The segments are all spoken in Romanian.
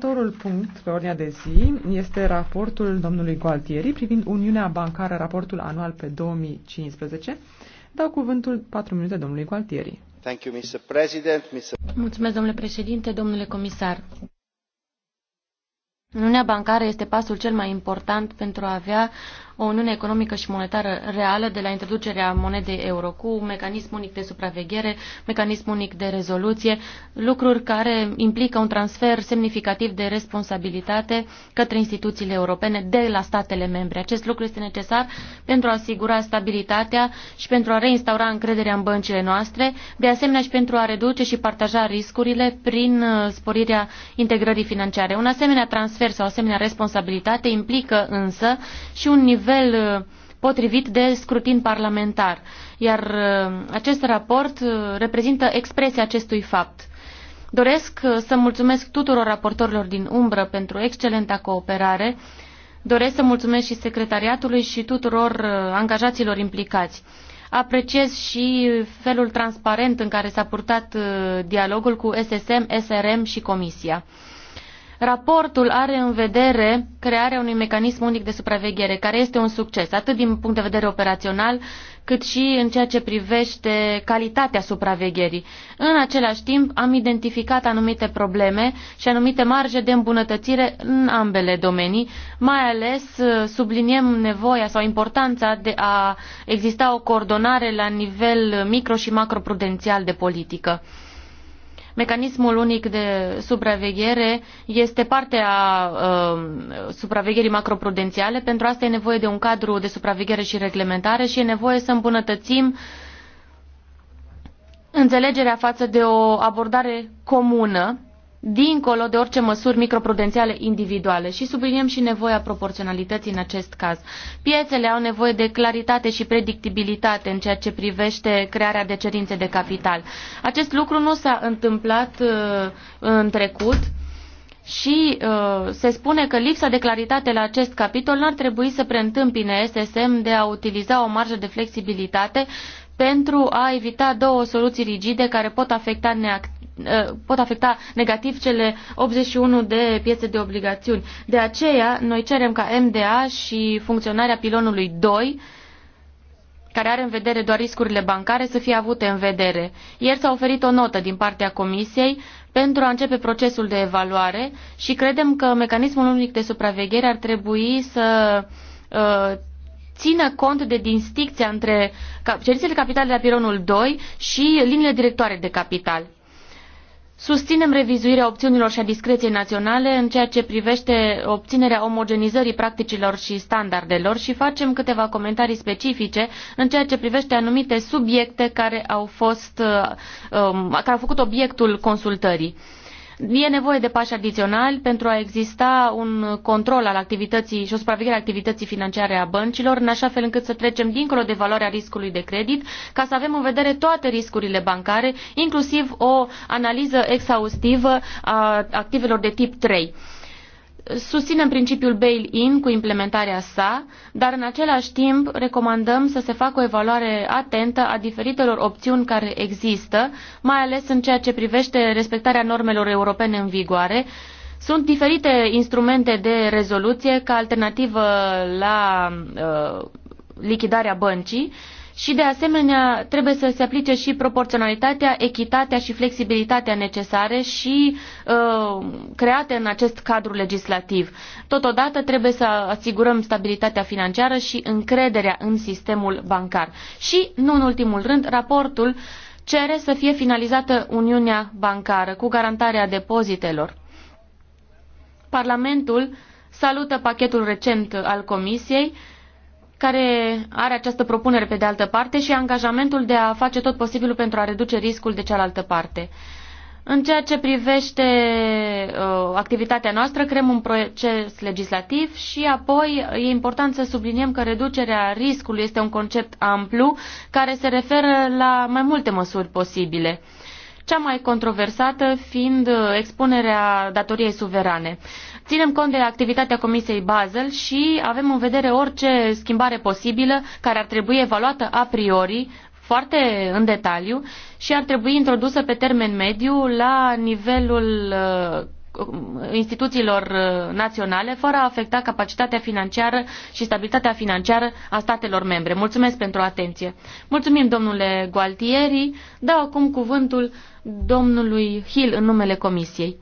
Următorul punct pe ordinea de zi este raportul domnului Gualtieri privind Uniunea Bancară, raportul anual pe 2015. Dau cuvântul 4 minute domnului Gualtieri. Thank you, Mr. President, Mr. Mulțumesc, domnule președinte, domnule comisar. Uniunea bancară este pasul cel mai important pentru a avea o uniune economică și monetară reală de la introducerea monedei euro cu mecanism unic de supraveghere, mecanism unic de rezoluție, lucruri care implică un transfer semnificativ de responsabilitate către instituțiile europene de la statele membre. Acest lucru este necesar pentru a asigura stabilitatea și pentru a reinstaura încrederea în băncile noastre, de asemenea și pentru a reduce și partaja riscurile prin uh, sporirea integrării financiare. Un asemenea transfer sau asemenea responsabilitate implică însă și un nivel nivel uh, potrivit de scrutin parlamentar, iar uh, acest raport uh, reprezintă expresia acestui fapt. Doresc să mulțumesc tuturor raportorilor din umbră pentru excelenta cooperare, doresc să mulțumesc și secretariatului și tuturor angajaților implicați. Apreciez și felul transparent în care s-a purtat dialogul cu SSM, SRM și Comisia. Raportul are în vedere crearea unui mecanism unic de supraveghere, care este un succes, atât din punct de vedere operațional, cât și în ceea ce privește calitatea supravegherii. În același timp, am identificat anumite probleme și anumite marje de îmbunătățire în ambele domenii, mai ales uh, subliniem nevoia sau importanța de a exista o coordonare la nivel micro și macroprudențial de politică. Mecanismul unic de supraveghere este parte a uh, supravegherii macroprudențiale. Pentru asta e nevoie de un cadru de supraveghere și reglementare și e nevoie să îmbunătățim înțelegerea față de o abordare comună dincolo de orice măsuri microprudențiale individuale și subliniem și nevoia proporționalității în acest caz. Piețele au nevoie de claritate și predictibilitate în ceea ce privește crearea de cerințe de capital. Acest lucru nu s-a întâmplat uh, în trecut și uh, se spune că lipsa de claritate la acest capitol n-ar trebui să preîntâmpine SSM de a utiliza o marjă de flexibilitate pentru a evita două soluții rigide care pot afecta Eh, pot afecta negativ cele 81 de piețe de obligațiuni. De aceea, noi cerem ca MDA și funcționarea pilonului 2 care are în vedere doar riscurile bancare, să fie avute în vedere. Ieri s-a oferit o notă din partea Comisiei pentru a începe procesul de evaluare și credem că mecanismul unic de supraveghere ar trebui să uh, țină cont de distincția între cerințele capitale de la pilonul 2 și liniile directoare de capital. Susținem revizuirea opțiunilor și a discreției naționale în ceea ce privește obținerea omogenizării practicilor și standardelor și facem câteva comentarii specifice în ceea ce privește anumite subiecte care au, fost, uh, um, care au făcut obiectul consultării. E nevoie de pași adiționali pentru a exista un control al activității și o supraveghere a activității financiare a băncilor, în așa fel încât să trecem dincolo de valoarea riscului de credit, ca să avem în vedere toate riscurile bancare, inclusiv o analiză exhaustivă a activelor de tip 3. Susținem principiul bail-in cu implementarea sa, dar în același timp recomandăm să se facă o evaluare atentă a diferitelor opțiuni care există, mai ales în ceea ce privește respectarea normelor europene în vigoare. Sunt diferite instrumente de rezoluție ca alternativă la uh, lichidarea băncii. Uh, și de asemenea trebuie să se aplice și proporționalitatea, echitatea și flexibilitatea necesare și uh, create în acest cadru legislativ. Totodată trebuie să asigurăm stabilitatea financiară și încrederea în sistemul bancar. Și, nu în ultimul rând, raportul cere să fie finalizată Uniunea Bancară cu garantarea depozitelor. Parlamentul salută pachetul recent al Comisiei care are această propunere pe de altă parte și angajamentul de a face tot posibilul pentru a reduce riscul de cealaltă parte. În ceea ce privește uh, activitatea noastră, creăm un proces legislativ și apoi e important să subliniem că reducerea riscului este un concept amplu care se referă la mai multe măsuri posibile. Uh, cea mai controversată fiind uh, expunerea datoriei suverane. Ținem cont de activitatea Comisiei Basel și avem în vedere orice schimbare posibilă care ar trebui evaluată a priori foarte în detaliu și ar trebui introdusă pe termen mediu la nivelul uh, instituțiilor uh, naționale, fără a afecta capacitatea financiară și stabilitatea financiară a statelor membre. Mulțumesc pentru atenție. Mulțumim, domnule Gualtieri. Dau acum cuvântul domnului Hill în numele Comisiei.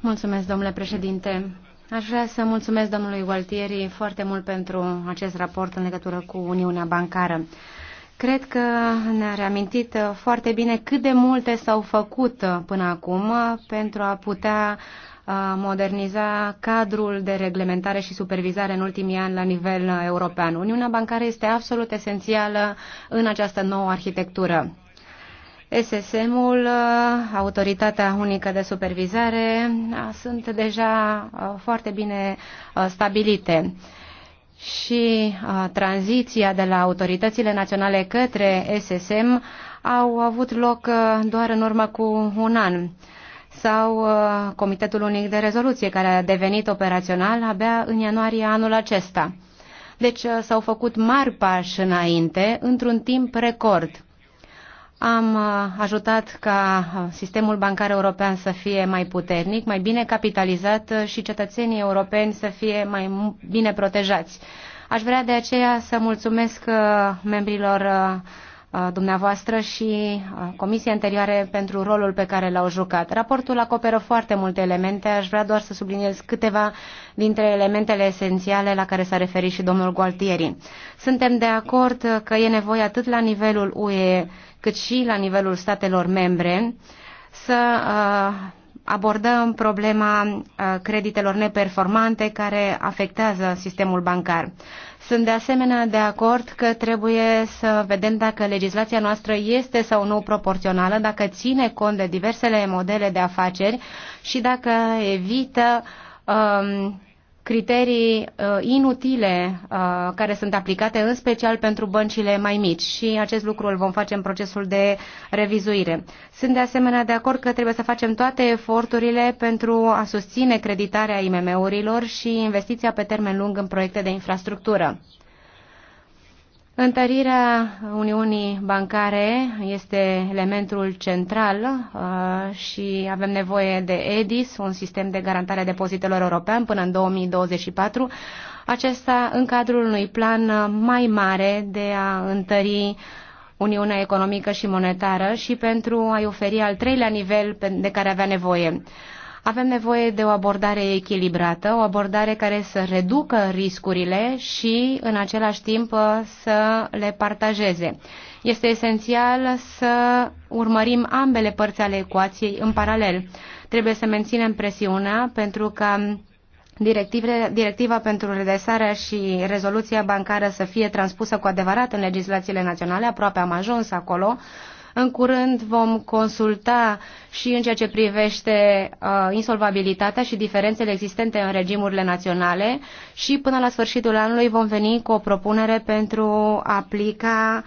Mulțumesc, domnule președinte. Aș vrea să mulțumesc domnului Gualtieri foarte mult pentru acest raport în legătură cu Uniunea Bancară. Cred că ne-a reamintit uh, foarte bine cât de multe s-au făcut uh, până acum uh, pentru a putea moderniza cadrul de reglementare și supervizare în ultimii ani la nivel european. Uniunea bancară este absolut esențială în această nouă arhitectură. SSM-ul, Autoritatea Unică de Supervizare, sunt deja foarte bine stabilite și a, tranziția de la autoritățile naționale către SSM au avut loc a, doar în urmă cu un an sau a, Comitetul Unic de Rezoluție, care a devenit operațional abia în ianuarie anul acesta. Deci s-au făcut mari pași înainte, într-un timp record am uh, ajutat ca uh, sistemul bancar european să fie mai puternic, mai bine capitalizat uh, și cetățenii europeni să fie mai bine protejați. Aș vrea de aceea să mulțumesc membrilor dumneavoastră și comisiei anterioare pentru rolul pe care l-au jucat. Raportul acoperă foarte multe elemente, aș vrea doar să subliniez câteva dintre elementele esențiale la care s-a referit și domnul Gualtieri. Suntem de acord că e nevoie atât la nivelul UE cât și la nivelul statelor membre, să uh, abordăm problema uh, creditelor neperformante care afectează sistemul bancar. Sunt de asemenea de acord că trebuie să vedem dacă legislația noastră este sau nu proporțională, dacă ține cont de diversele modele de afaceri și dacă evită um, criterii uh, inutile uh, care sunt aplicate în special pentru băncile mai mici și acest lucru îl vom face în procesul de revizuire. Sunt de asemenea de acord că trebuie să facem toate eforturile pentru a susține creditarea IMM-urilor și investiția pe termen lung în proiecte de infrastructură. Întărirea Uniunii Bancare este elementul central uh, și avem nevoie de EDIS, un sistem de garantare a depozitelor european, până în 2024, acesta în cadrul unui plan mai mare de a întări Uniunea Economică și Monetară și pentru a-i oferi al treilea nivel de care avea nevoie. Avem nevoie de o abordare echilibrată, o abordare care să reducă riscurile și în același timp să le partajeze. Este esențial să urmărim ambele părți ale ecuației în paralel. Trebuie să menținem presiunea pentru că directiva pentru redesarea și rezoluția bancară să fie transpusă cu adevărat în legislațiile naționale, aproape am ajuns acolo, în curând vom consulta și în ceea ce privește uh, insolvabilitatea și diferențele existente în regimurile naționale și până la sfârșitul anului vom veni cu o propunere pentru a aplica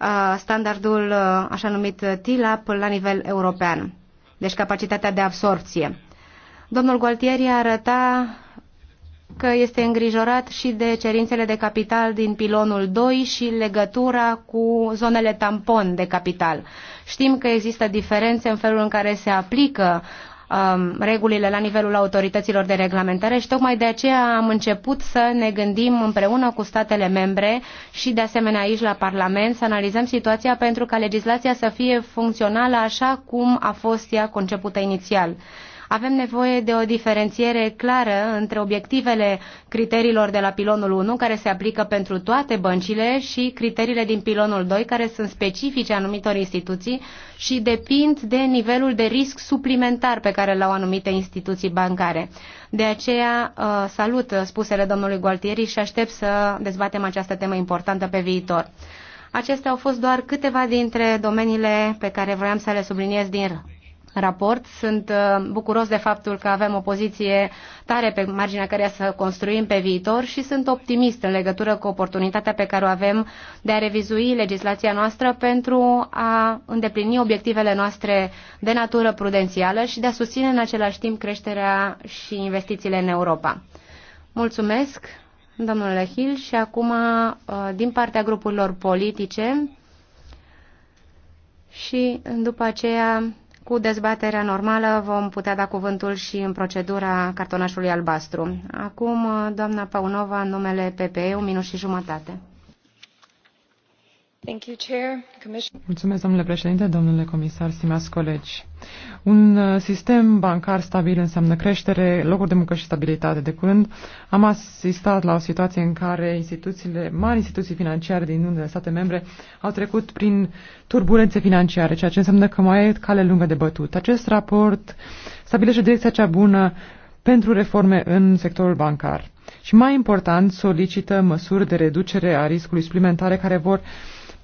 uh, standardul uh, așa numit TILAP la nivel european, deci capacitatea de absorpție. Domnul Gualtieri arăta că este îngrijorat și de cerințele de capital din pilonul 2 și legătura cu zonele tampon de capital. Știm că există diferențe în felul în care se aplică um, regulile la nivelul autorităților de reglementare și tocmai de aceea am început să ne gândim împreună cu statele membre și de asemenea aici la Parlament să analizăm situația pentru ca legislația să fie funcțională așa cum a fost ea concepută inițial. Avem nevoie de o diferențiere clară între obiectivele criteriilor de la pilonul 1, care se aplică pentru toate băncile, și criteriile din pilonul 2, care sunt specifice anumitor instituții și depind de nivelul de risc suplimentar pe care l-au anumite instituții bancare. De aceea uh, salut spusele domnului Gualtieri și aștept să dezbatem această temă importantă pe viitor. Acestea au fost doar câteva dintre domeniile pe care vroiam să le subliniez din raport. Sunt uh, bucuros de faptul că avem o poziție tare pe marginea căreia să construim pe viitor și sunt optimist în legătură cu oportunitatea pe care o avem de a revizui legislația noastră pentru a îndeplini obiectivele noastre de natură prudențială și de a susține în același timp creșterea și investițiile în Europa. Mulțumesc, domnule Hill, și acum uh, din partea grupurilor politice și după aceea cu dezbaterea normală vom putea da cuvântul și în procedura cartonașului albastru. Acum, doamna Paunova, numele PPE, un minut și jumătate. Mulțumesc, domnule președinte, domnule comisar, stimați colegi. Un uh, sistem bancar stabil înseamnă creștere, locuri de muncă și stabilitate. De curând am asistat la o situație în care instituțiile, mari instituții financiare din unele state membre au trecut prin turbulențe financiare, ceea ce înseamnă că mai e cale lungă de bătut. Acest raport stabilește direcția cea bună pentru reforme în sectorul bancar. Și mai important, solicită măsuri de reducere a riscului suplimentare care vor uh,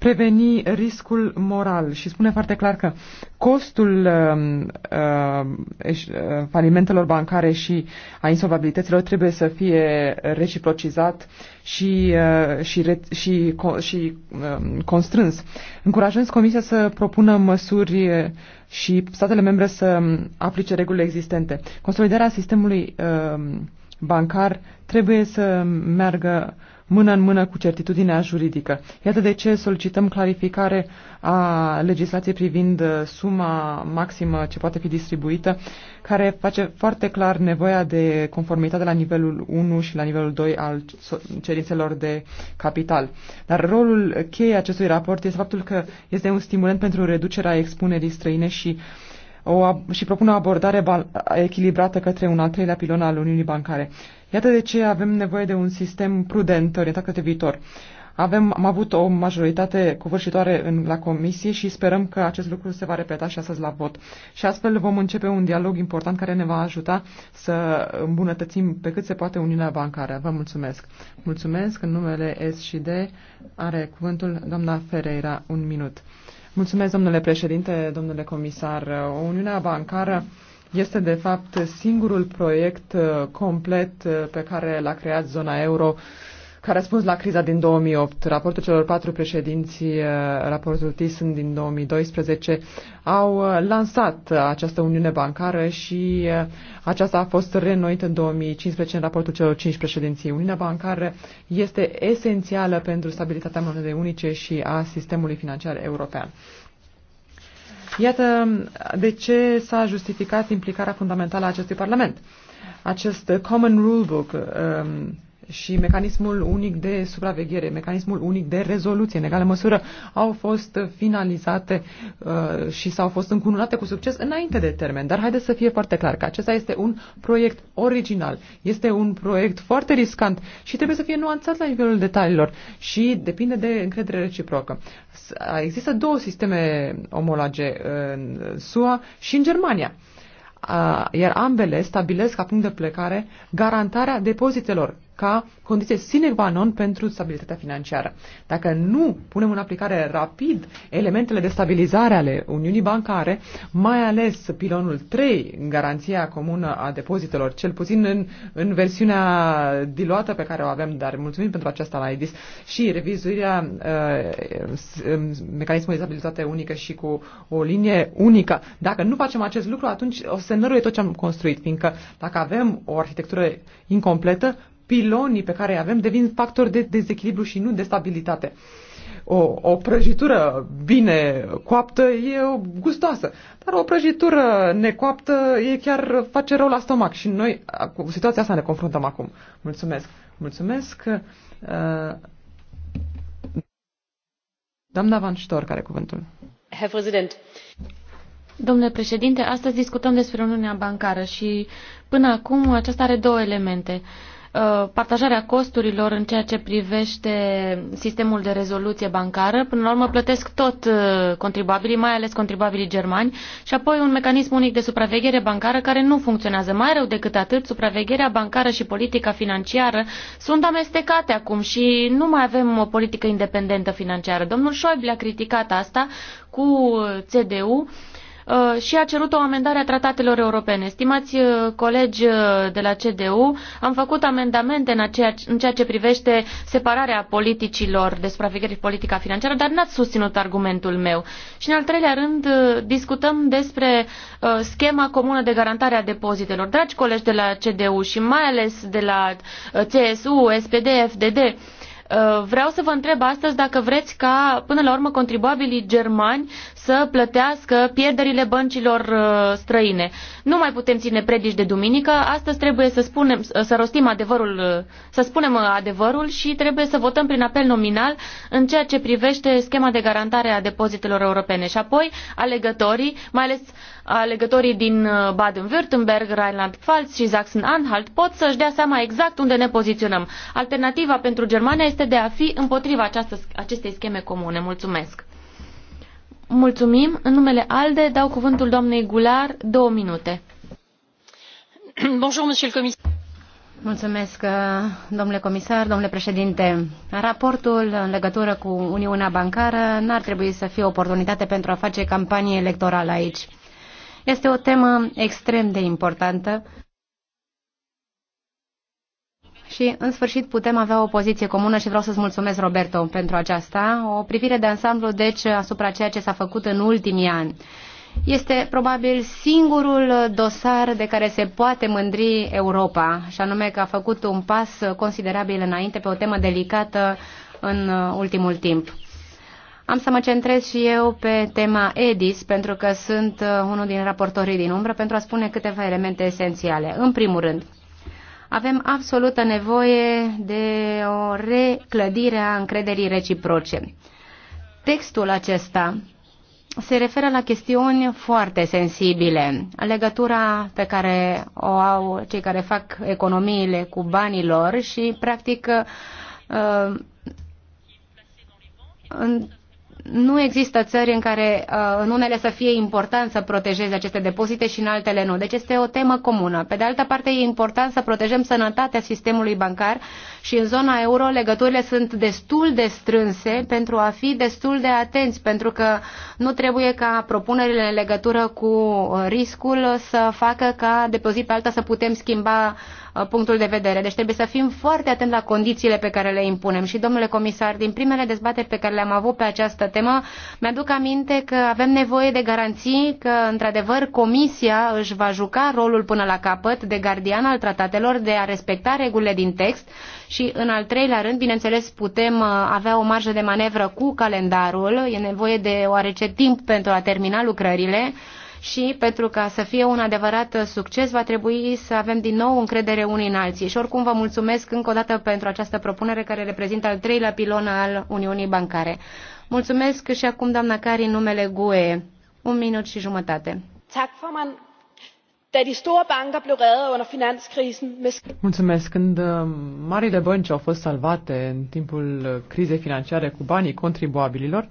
preveni riscul moral și spune foarte clar că costul um, uh, uh, falimentelor bancare și a insolvabilităților trebuie să fie reciprocizat și, uh, și, re- și, co- și uh, constrâns, încurajând Comisia să propună măsuri și statele membre să aplice regulile existente. Consolidarea sistemului uh, bancar trebuie să meargă uh, mână în mână cu certitudinea juridică. Iată de ce solicităm clarificare a legislației privind uh, suma maximă ce poate fi distribuită, care face foarte clar nevoia de conformitate la nivelul 1 și la nivelul 2 al cerințelor de capital. Dar rolul cheie acestui raport este faptul că este un stimulant pentru reducerea expunerii străine și o, și propune o abordare echilibrată către un al treilea pilon al Uniunii Bancare. Iată de ce avem nevoie de un sistem prudent orientat către viitor. Avem, am avut o majoritate covârșitoare în, la comisie și sperăm că acest lucru se va repeta și astăzi la vot. Și astfel vom începe un dialog important care ne va ajuta să îmbunătățim pe cât se poate Uniunea Bancară. Vă mulțumesc. Mulțumesc. În numele S și D are cuvântul doamna Ferreira. Un minut. Mulțumesc, domnule președinte, domnule comisar. Uniunea Bancară este, de fapt, singurul proiect uh, complet uh, pe care l-a creat zona euro ca răspuns la criza din 2008. Raportul celor patru președinți, uh, raportul Thyssen din 2012, au lansat această uniune bancară și aceasta a fost reînnoită în 2015 în raportul celor cinci președinții. Uniunea bancară este esențială pentru stabilitatea monedei unice și a sistemului financiar european. Iată um, de ce s-a justificat implicarea fundamentală a acestui Parlament. Acest Common Rule Book um, și mecanismul unic de supraveghere, mecanismul unic de rezoluție, în egală măsură, au fost finalizate uh, și s-au fost încununate cu succes înainte de termen. Dar haideți să fie foarte clar că acesta este un proiect original, este un proiect foarte riscant și trebuie să fie nuanțat la nivelul detaliilor și depinde de încredere reciprocă. Există două sisteme omologe în SUA și în Germania iar ambele stabilesc ca punct de plecare garantarea depozitelor ca condiție sine qua non pentru stabilitatea financiară. Dacă nu punem în aplicare rapid elementele de stabilizare ale Uniunii Bancare, mai ales pilonul 3, garanția comună a depozitelor, cel puțin în, în versiunea diluată pe care o avem, dar mulțumim pentru aceasta la EDIS, și revizuirea uh, um, mecanismului de stabilitate unică și cu o linie unică. Dacă nu facem acest lucru, atunci o să năruie tot ce am construit, fiindcă dacă avem o arhitectură incompletă, pilonii pe care îi avem devin factori de dezechilibru și nu de stabilitate. O, o prăjitură bine coaptă e gustoasă, dar o prăjitură necoaptă e chiar face rău la stomac și noi cu situația asta ne confruntăm acum. Mulțumesc! Mulțumesc! Uh, doamna Van Ștor, care cuvântul? Herr Präsident. Domnule președinte, astăzi discutăm despre Uniunea Bancară și până acum aceasta are două elemente. Uh, Uh, partajarea costurilor în ceea ce privește sistemul de rezoluție bancară. Până la urmă plătesc tot uh, contribuabilii, mai ales contribuabilii germani, și apoi un mecanism unic de supraveghere bancară care nu funcționează. Mai rău decât atât, supravegherea bancară și politica financiară sunt amestecate acum și nu mai avem o politică independentă financiară. Domnul Șoibli a criticat asta cu uh, CDU Uh, și a cerut o amendare a tratatelor europene. Stimați uh, colegi uh, de la CDU, am făcut amendamente în, aceea, în ceea ce privește separarea politicilor de supraveghere și politica financiară, dar n-ați susținut argumentul meu. Și în al treilea rând discutăm despre schema comună de garantare a depozitelor. Dragi colegi de la CDU și mai ales de la CSU, SPD, FDD, vreau să vă întreb astăzi dacă vreți ca, până la urmă, contribuabilii germani să plătească pierderile băncilor uh, străine. Nu mai putem ține predici de duminică, astăzi trebuie să, spunem, uh, să rostim adevărul, uh, să spunem adevărul și trebuie să votăm prin apel nominal în ceea ce privește schema de garantare a depozitelor europene. Și apoi alegătorii, mai ales alegătorii din Baden-Württemberg, Rheinland-Pfalz și Sachsen-Anhalt pot să-și dea seama exact unde ne poziționăm. Alternativa pentru Germania este de a fi împotriva această, acestei scheme comune. Mulțumesc! Mulțumim. În numele ALDE dau cuvântul doamnei Gular, două minute. Bonjour, monsieur le comisar. Mulțumesc, uh, domnule comisar, domnule președinte. Raportul în legătură cu Uniunea Bancară n-ar trebui să fie o oportunitate pentru a face campanie electorală aici. Este o temă extrem de importantă și, în sfârșit, putem avea o poziție comună și vreau să-ți mulțumesc, Roberto, pentru aceasta. O privire de ansamblu, deci, asupra ceea ce s-a făcut în ultimii ani. Este probabil singurul dosar de care se poate mândri Europa, și anume că a făcut un pas considerabil înainte pe o temă delicată în ultimul timp. Am să mă centrez și eu pe tema EDIS, pentru că sunt unul din raportorii din umbră, pentru a spune câteva elemente esențiale. În primul rând, avem absolută nevoie de o reclădire a încrederii reciproce. Textul acesta se referă la chestiuni foarte sensibile. Legătura pe care o au cei care fac economiile cu banii lor și, practic, uh, nu există țări în care uh, în unele să fie important să protejeze aceste depozite și în altele nu. Deci este o temă comună. Pe de altă parte, e important să protejăm sănătatea sistemului bancar și în zona euro legăturile sunt destul de strânse pentru a fi destul de atenți, pentru că nu trebuie ca propunerile în legătură cu riscul să facă ca de pe o zi pe alta să putem schimba Uh, punctul de vedere. Deci trebuie să fim foarte atenți la condițiile pe care le impunem. Și, domnule comisar, din primele dezbateri pe care le-am avut pe această temă, mi-aduc aminte că avem nevoie de garanții că, într-adevăr, Comisia își va juca rolul până la capăt de gardian al tratatelor, de a respecta regulile din text și, în al treilea rând, bineînțeles, putem uh, avea o marjă de manevră cu calendarul. E nevoie de oarece timp pentru a termina lucrările și pentru ca să fie un adevărat succes va trebui să avem din nou încredere unii în alții. Și oricum vă mulțumesc încă o dată pentru această propunere care reprezintă al treilea pilon al Uniunii Bancare. Mulțumesc și acum doamna Cari numele GUE. Un minut și jumătate. Da, mulțumesc. Când uh, marile bănci au fost salvate în timpul uh, crizei financiare cu banii contribuabililor,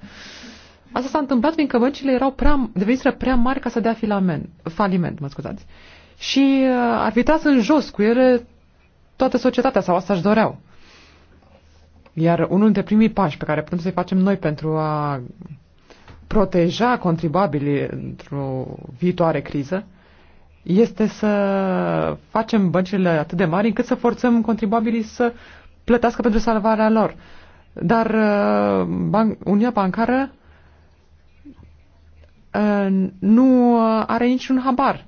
Asta s-a întâmplat fiindcă băncile erau prea, deveniseră prea mari ca să dea filament, faliment, mă scuzați. Și uh, ar fi tras în jos cu ele toată societatea sau asta își doreau. Iar unul dintre primii pași pe care putem să-i facem noi pentru a proteja contribuabilii într-o viitoare criză este să facem băncile atât de mari încât să forțăm contribuabilii să plătească pentru salvarea lor. Dar uh, ban- Uniunea Bancară Uh, nu uh, are niciun habar.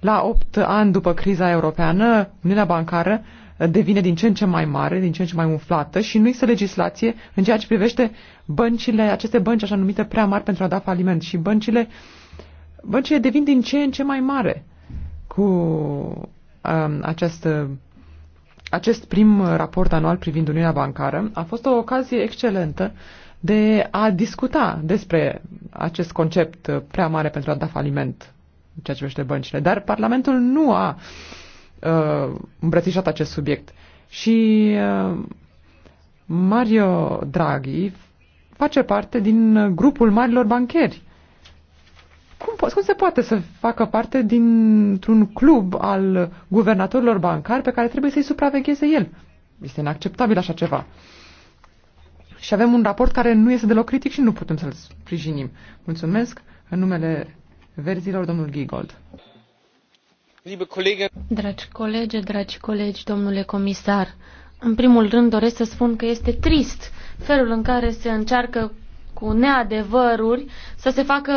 La opt ani după criza europeană, Uniunea Bancară uh, devine din ce în ce mai mare, din ce în ce mai umflată și nu există legislație în ceea ce privește băncile, aceste bănci așa numite prea mari pentru a da faliment și băncile, băncile devin din ce în ce mai mare cu um, acest, acest prim raport anual privind Uniunea Bancară a fost o ocazie excelentă de a discuta despre acest concept prea mare pentru a da faliment în ceea ce privește băncile. Dar Parlamentul nu a uh, îmbrățișat acest subiect. Și uh, Mario Draghi face parte din grupul marilor bancheri. Cum, po- cum se poate să facă parte dintr-un club al guvernatorilor bancari pe care trebuie să-i supravegheze el? Este inacceptabil așa ceva și avem un raport care nu este deloc critic și nu putem să-l sprijinim. Mulțumesc în numele verzilor, domnul Giegold. Dragi colegi, dragi colegi, domnule comisar, în primul rând doresc să spun că este trist felul în care se încearcă cu neadevăruri, să se facă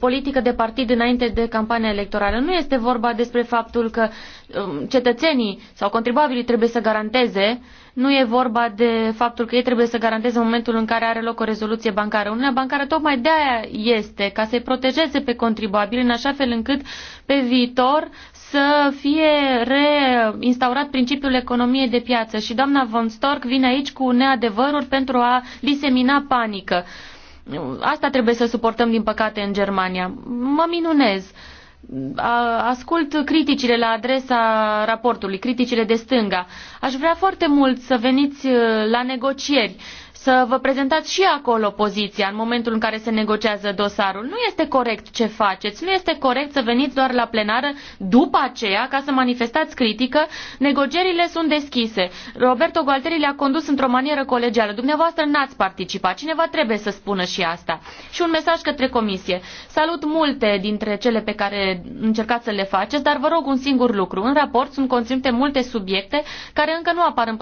politică de partid înainte de campania electorală. Nu este vorba despre faptul că um, cetățenii sau contribuabilii trebuie să garanteze, nu e vorba de faptul că ei trebuie să garanteze în momentul în care are loc o rezoluție bancară. Uniunea bancară tocmai de aia este, ca să-i protejeze pe contribuabili în așa fel încât pe viitor să fie reinstaurat principiul economiei de piață. Și doamna Von Stork vine aici cu neadevăruri pentru a disemina panică. Asta trebuie să suportăm, din păcate, în Germania. Mă minunez. Ascult criticile la adresa raportului, criticile de stânga. Aș vrea foarte mult să veniți uh, la negocieri să vă prezentați și acolo poziția în momentul în care se negociază dosarul. Nu este corect ce faceți, nu este corect să veniți doar la plenară după aceea ca să manifestați critică. Negocierile sunt deschise. Roberto Gualteri le-a condus într-o manieră colegială. Dumneavoastră n-ați participat. Cineva trebuie să spună și asta. Și un mesaj către comisie. Salut multe dintre cele pe care încercați să le faceți, dar vă rog un singur lucru. În raport sunt conținute multe subiecte care încă nu apar în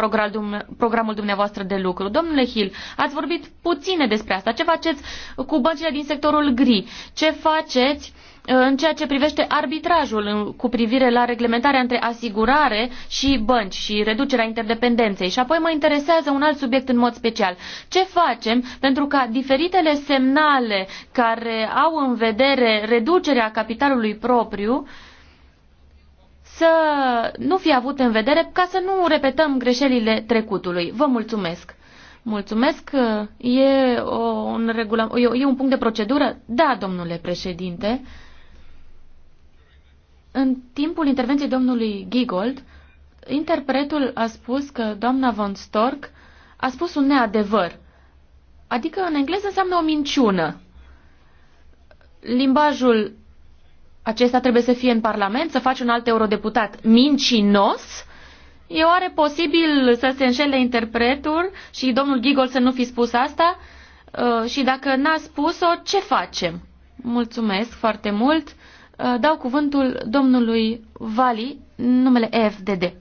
programul dumneavoastră de lucru. Domnule Hill, posibil. Ați vorbit puține despre asta. Ce faceți cu băncile din sectorul gri? Ce faceți uh, în ceea ce privește arbitrajul cu privire la reglementarea între asigurare și bănci și reducerea interdependenței. Și apoi mă interesează un alt subiect în mod special. Ce facem pentru ca diferitele semnale care au în vedere reducerea capitalului propriu să nu fie avut în vedere ca să nu repetăm greșelile trecutului. Vă mulțumesc! Mulțumesc. E, o, un regula... e un punct de procedură? Da, domnule președinte. În timpul intervenției domnului Gigold, interpretul a spus că doamna von Stork a spus un neadevăr. Adică în engleză înseamnă o minciună. Limbajul acesta trebuie să fie în Parlament, să faci un alt eurodeputat mincinos E oare posibil să se înșele interpretul și domnul Gigol să nu fi spus asta? Uh, și dacă n-a spus-o, ce facem? Mulțumesc foarte mult. Uh, dau cuvântul domnului Vali, numele EFDD.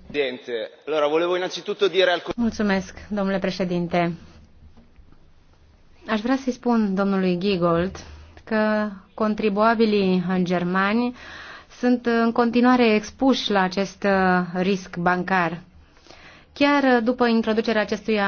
Mulțumesc, domnule președinte. Aș vrea să-i spun domnului Giegold că contribuabilii în germani sunt în continuare expuși la acest uh, risc bancar. Chiar uh, după introducerea acestui,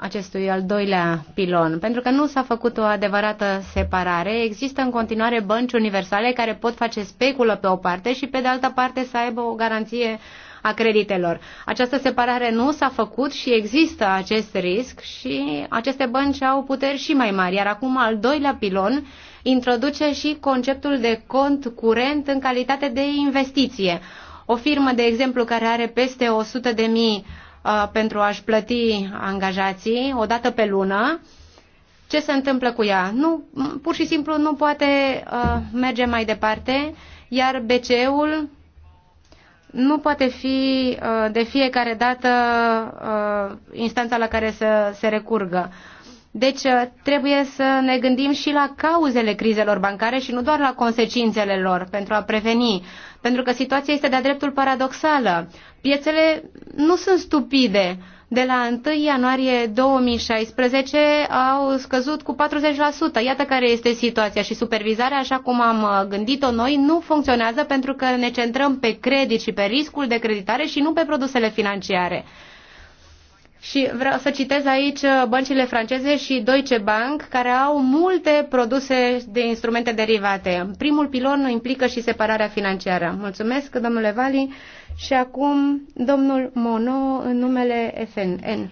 acestui al doilea pilon, pentru că nu s-a făcut o adevărată separare, există în continuare bănci universale care pot face speculă pe o parte și pe de altă parte să aibă o garanție a creditelor. Această separare nu s-a făcut și există acest risc și aceste bănci au puteri și mai mari, iar acum al doilea pilon introduce și conceptul de cont curent în calitate de investiție. O firmă, de exemplu, care are peste 100 de mii uh, pentru a-și plăti angajații o dată pe lună, ce se întâmplă cu ea? Nu, pur și simplu nu poate uh, merge mai departe, iar BCE-ul nu poate fi uh, de fiecare dată uh, instanța la care să se recurgă. Uh, deci uh, trebuie să ne gândim și la cauzele crizelor bancare și nu doar la consecințele lor pentru a preveni. Pentru că situația este de-a dreptul paradoxală. Piețele nu sunt stupide. De la 1 ianuarie 2016 au scăzut cu 40%. Iată care este situația și supervizarea, așa cum am uh, gândit-o noi, nu funcționează pentru că ne centrăm pe credit și pe riscul de creditare și nu pe produsele financiare. Și vreau să citez aici uh, băncile franceze și Deutsche Bank, care au multe produse de instrumente derivate. Primul pilon implică și separarea financiară. Mulțumesc, domnule Vali. Și acum, domnul Mono, în numele FNN.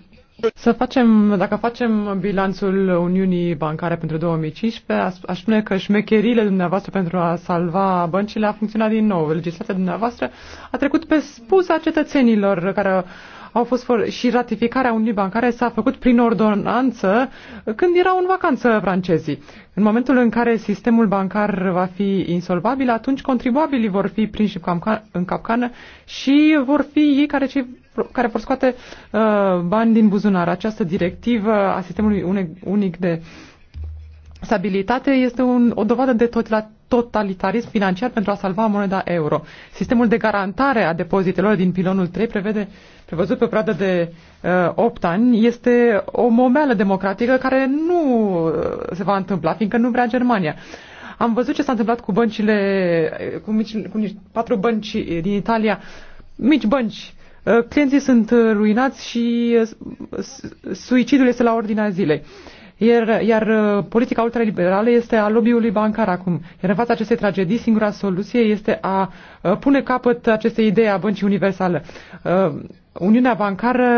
Să facem, dacă facem bilanțul Uniunii Bancare pentru 2015, aș, spune că șmecherile dumneavoastră pentru a salva băncile a funcționat din nou. Legislația dumneavoastră a trecut pe spusa cetățenilor care au fost și ratificarea unii bancare s-a făcut prin ordonanță când erau în vacanță francezii. În momentul în care sistemul bancar va fi insolvabil, atunci contribuabilii vor fi prinși în capcană și vor fi ei care cei care vor scoate uh, bani din buzunar. Această directivă a sistemului unic de stabilitate este un, o dovadă de totalitarism financiar pentru a salva moneda euro. Sistemul de garantare a depozitelor din pilonul 3 prevede, prevăzut pe o perioadă de uh, 8 ani este o momeală democratică care nu uh, se va întâmpla, fiindcă nu vrea Germania. Am văzut ce s-a întâmplat cu băncile, uh, cu, mici, cu nici patru bănci din Italia, mici bănci. Uh, clienții sunt ruinați și suicidul este la ordinea zilei. Uh, iar, iar uh, politica ultraliberală este a lobby-ului bancar acum. Iar în fața acestei tragedii, singura soluție este a uh, pune capăt acestei idei a băncii universale. Uh, Uniunea bancară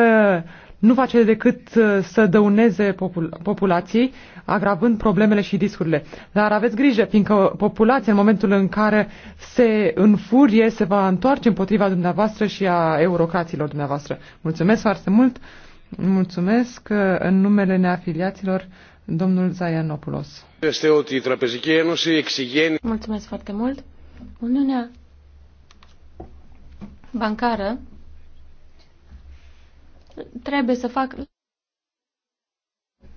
nu face decât să dăuneze popul- populației, agravând problemele și discurile. Dar aveți grijă, fiindcă populația, în momentul în care se înfurie, se va întoarce împotriva dumneavoastră și a eurocraților dumneavoastră. Mulțumesc foarte mult! Mulțumesc în numele neafiliaților, domnul Zaianopoulos. Este o nu se εξηγένει... Mulțumesc foarte mult. Uniunea bancară trebuie să fac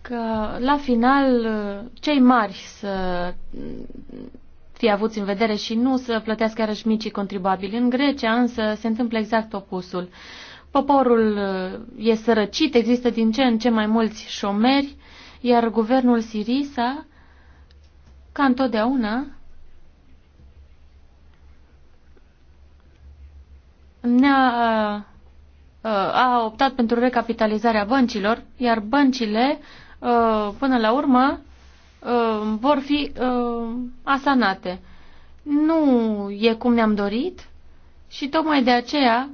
că la final cei mari să fie avuți în vedere și nu să plătească iarăși micii contribuabili. În Grecia însă se întâmplă exact opusul. Poporul uh, e sărăcit, există din ce în ce mai mulți șomeri, iar guvernul Sirisa, ca întotdeauna, ne-a uh, uh, a optat pentru recapitalizarea băncilor, iar băncile, până la urmă, vor fi asanate. Nu e cum ne-am dorit și tocmai de aceea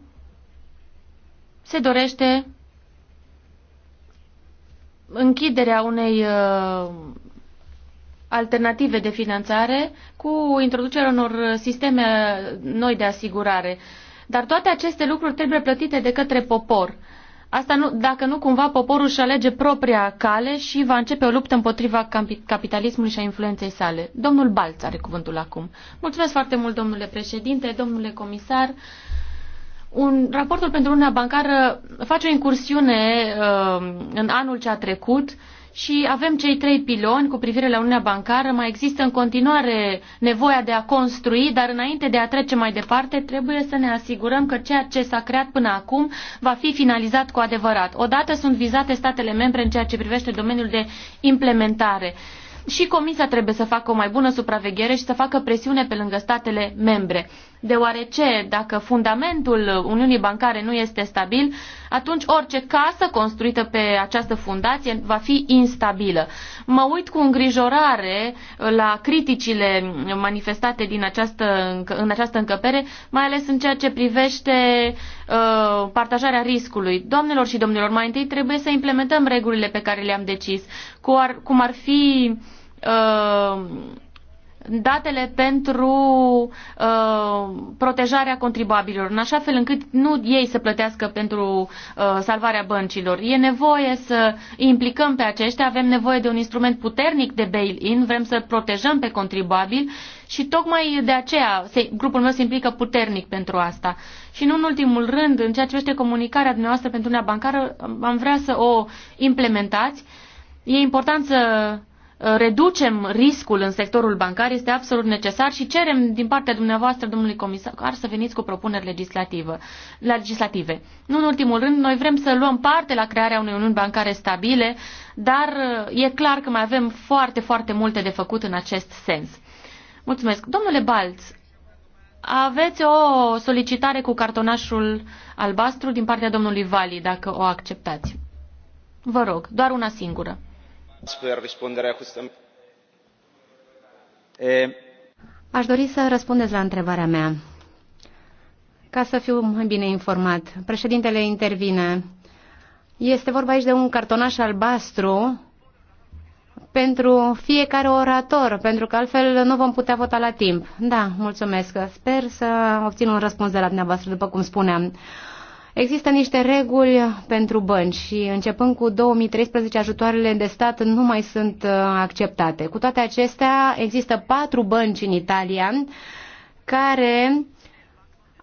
se dorește închiderea unei uh, alternative de finanțare cu introducerea unor sisteme noi de asigurare. Dar toate aceste lucruri trebuie plătite de către popor. Asta nu, dacă nu cumva poporul își alege propria cale și va începe o luptă împotriva capitalismului și a influenței sale. Domnul Balț are cuvântul acum. Mulțumesc foarte mult, domnule președinte, domnule comisar un, raportul pentru Uniunea Bancară face o incursiune uh, în anul ce a trecut și avem cei trei piloni cu privire la Uniunea Bancară. Mai există în continuare nevoia de a construi, dar înainte de a trece mai departe, trebuie să ne asigurăm că ceea ce s-a creat până acum va fi finalizat cu adevărat. Odată sunt vizate statele membre în ceea ce privește domeniul de implementare. Și Comisia trebuie să facă o mai bună supraveghere și să facă presiune pe lângă statele membre deoarece dacă fundamentul Uniunii Bancare nu este stabil, atunci orice casă construită pe această fundație va fi instabilă. Mă uit cu îngrijorare la criticile manifestate din această, în această încăpere, mai ales în ceea ce privește uh, partajarea riscului. Doamnelor și domnilor, mai întâi trebuie să implementăm regulile pe care le-am decis, cu ar, cum ar fi uh, datele pentru uh, protejarea contribuabililor, în așa fel încât nu ei să plătească pentru uh, salvarea băncilor. E nevoie să implicăm pe aceștia, avem nevoie de un instrument puternic de bail-in, vrem să protejăm pe contribuabil și tocmai de aceea se, grupul meu se implică puternic pentru asta. Și nu în ultimul rând, în ceea ce privește comunicarea dumneavoastră pentru unea bancară, am vrea să o implementați. E important să reducem riscul în sectorul bancar este absolut necesar și cerem din partea dumneavoastră, domnului comisar, să veniți cu propuneri legislative. Nu în ultimul rând, noi vrem să luăm parte la crearea unei uniuni bancare stabile, dar uh, e clar că mai avem foarte, foarte multe de făcut în acest sens. Mulțumesc. Domnule Balț, aveți o solicitare cu cartonașul albastru din partea domnului Vali, dacă o acceptați. Vă rog, doar una singură. Aș dori să răspundeți la întrebarea mea. Ca să fiu mai bine informat, președintele intervine. Este vorba aici de un cartonaș albastru pentru fiecare orator, pentru că altfel nu vom putea vota la timp. Da, mulțumesc. Sper să obțin un răspuns de la dumneavoastră, după cum spuneam. Există niște reguli pentru bănci și începând cu 2013 ajutoarele de stat nu mai sunt uh, acceptate. Cu toate acestea, există patru bănci în Italia care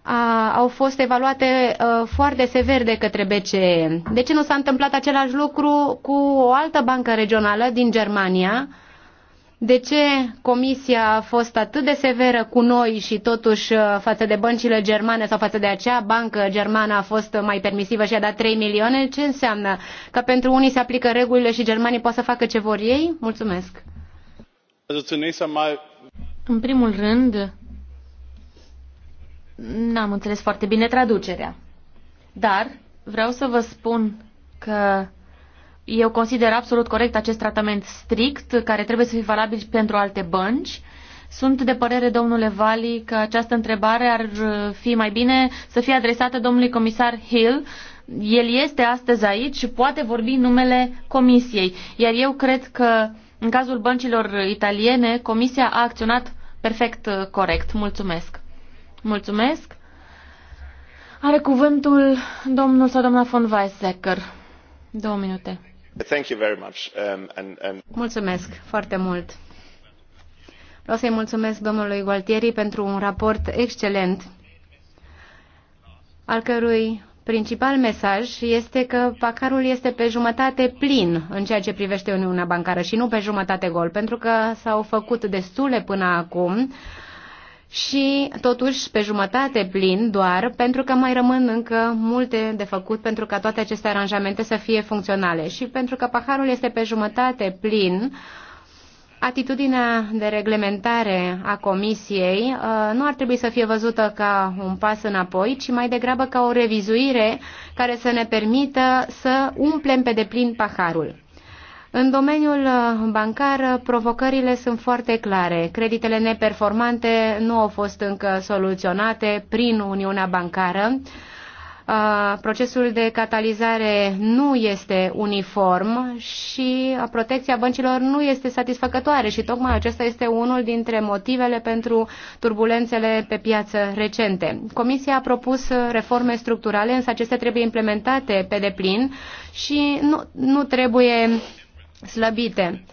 a, au fost evaluate a, uh, foarte sever de către BCE. De ce nu s-a întâmplat același lucru cu o altă bancă regională din Germania, de ce Comisia a fost atât de severă cu noi și totuși uh, față de băncile germane sau față de acea bancă germană a fost mai permisivă și a dat 3 milioane? Ce înseamnă? Că pentru unii se aplică regulile și germanii pot să facă ce vor ei? Mulțumesc! În primul rând, n-am înțeles foarte bine traducerea, dar vreau să vă spun că eu consider absolut corect acest tratament strict, care trebuie să fie valabil pentru alte bănci. Sunt de părere, domnule Vali, că această întrebare ar uh, fi mai bine să fie adresată domnului comisar Hill. El este astăzi aici și poate vorbi numele comisiei. Iar eu cred că în cazul băncilor italiene, comisia a acționat perfect uh, corect. Mulțumesc. Mulțumesc. Are cuvântul domnul sau doamna von Weissecker. Două minute. Um, mulțumesc foarte mult. Vreau să-i mulțumesc domnului Gualtieri pentru un raport excelent, al cărui principal mesaj este că pacarul este pe jumătate plin în ceea ce privește Uniunea Bancară și nu pe jumătate gol, pentru că s-au făcut destule până acum și totuși pe jumătate plin doar, pentru că mai rămân încă multe de făcut pentru ca toate aceste aranjamente să fie funcționale. Și pentru că paharul este pe jumătate plin, atitudinea de reglementare a Comisiei uh, nu ar trebui să fie văzută ca un pas înapoi, ci mai degrabă ca o revizuire care să ne permită să umplem pe deplin paharul. În domeniul uh, bancar, uh, provocările sunt foarte clare. Creditele neperformante nu au fost încă soluționate prin Uniunea Bancară. Uh, procesul de catalizare nu este uniform și protecția băncilor nu este satisfăcătoare și tocmai acesta este unul dintre motivele pentru turbulențele pe piață recente. Comisia a propus reforme structurale, însă acestea trebuie implementate pe deplin și nu, nu trebuie slăbite.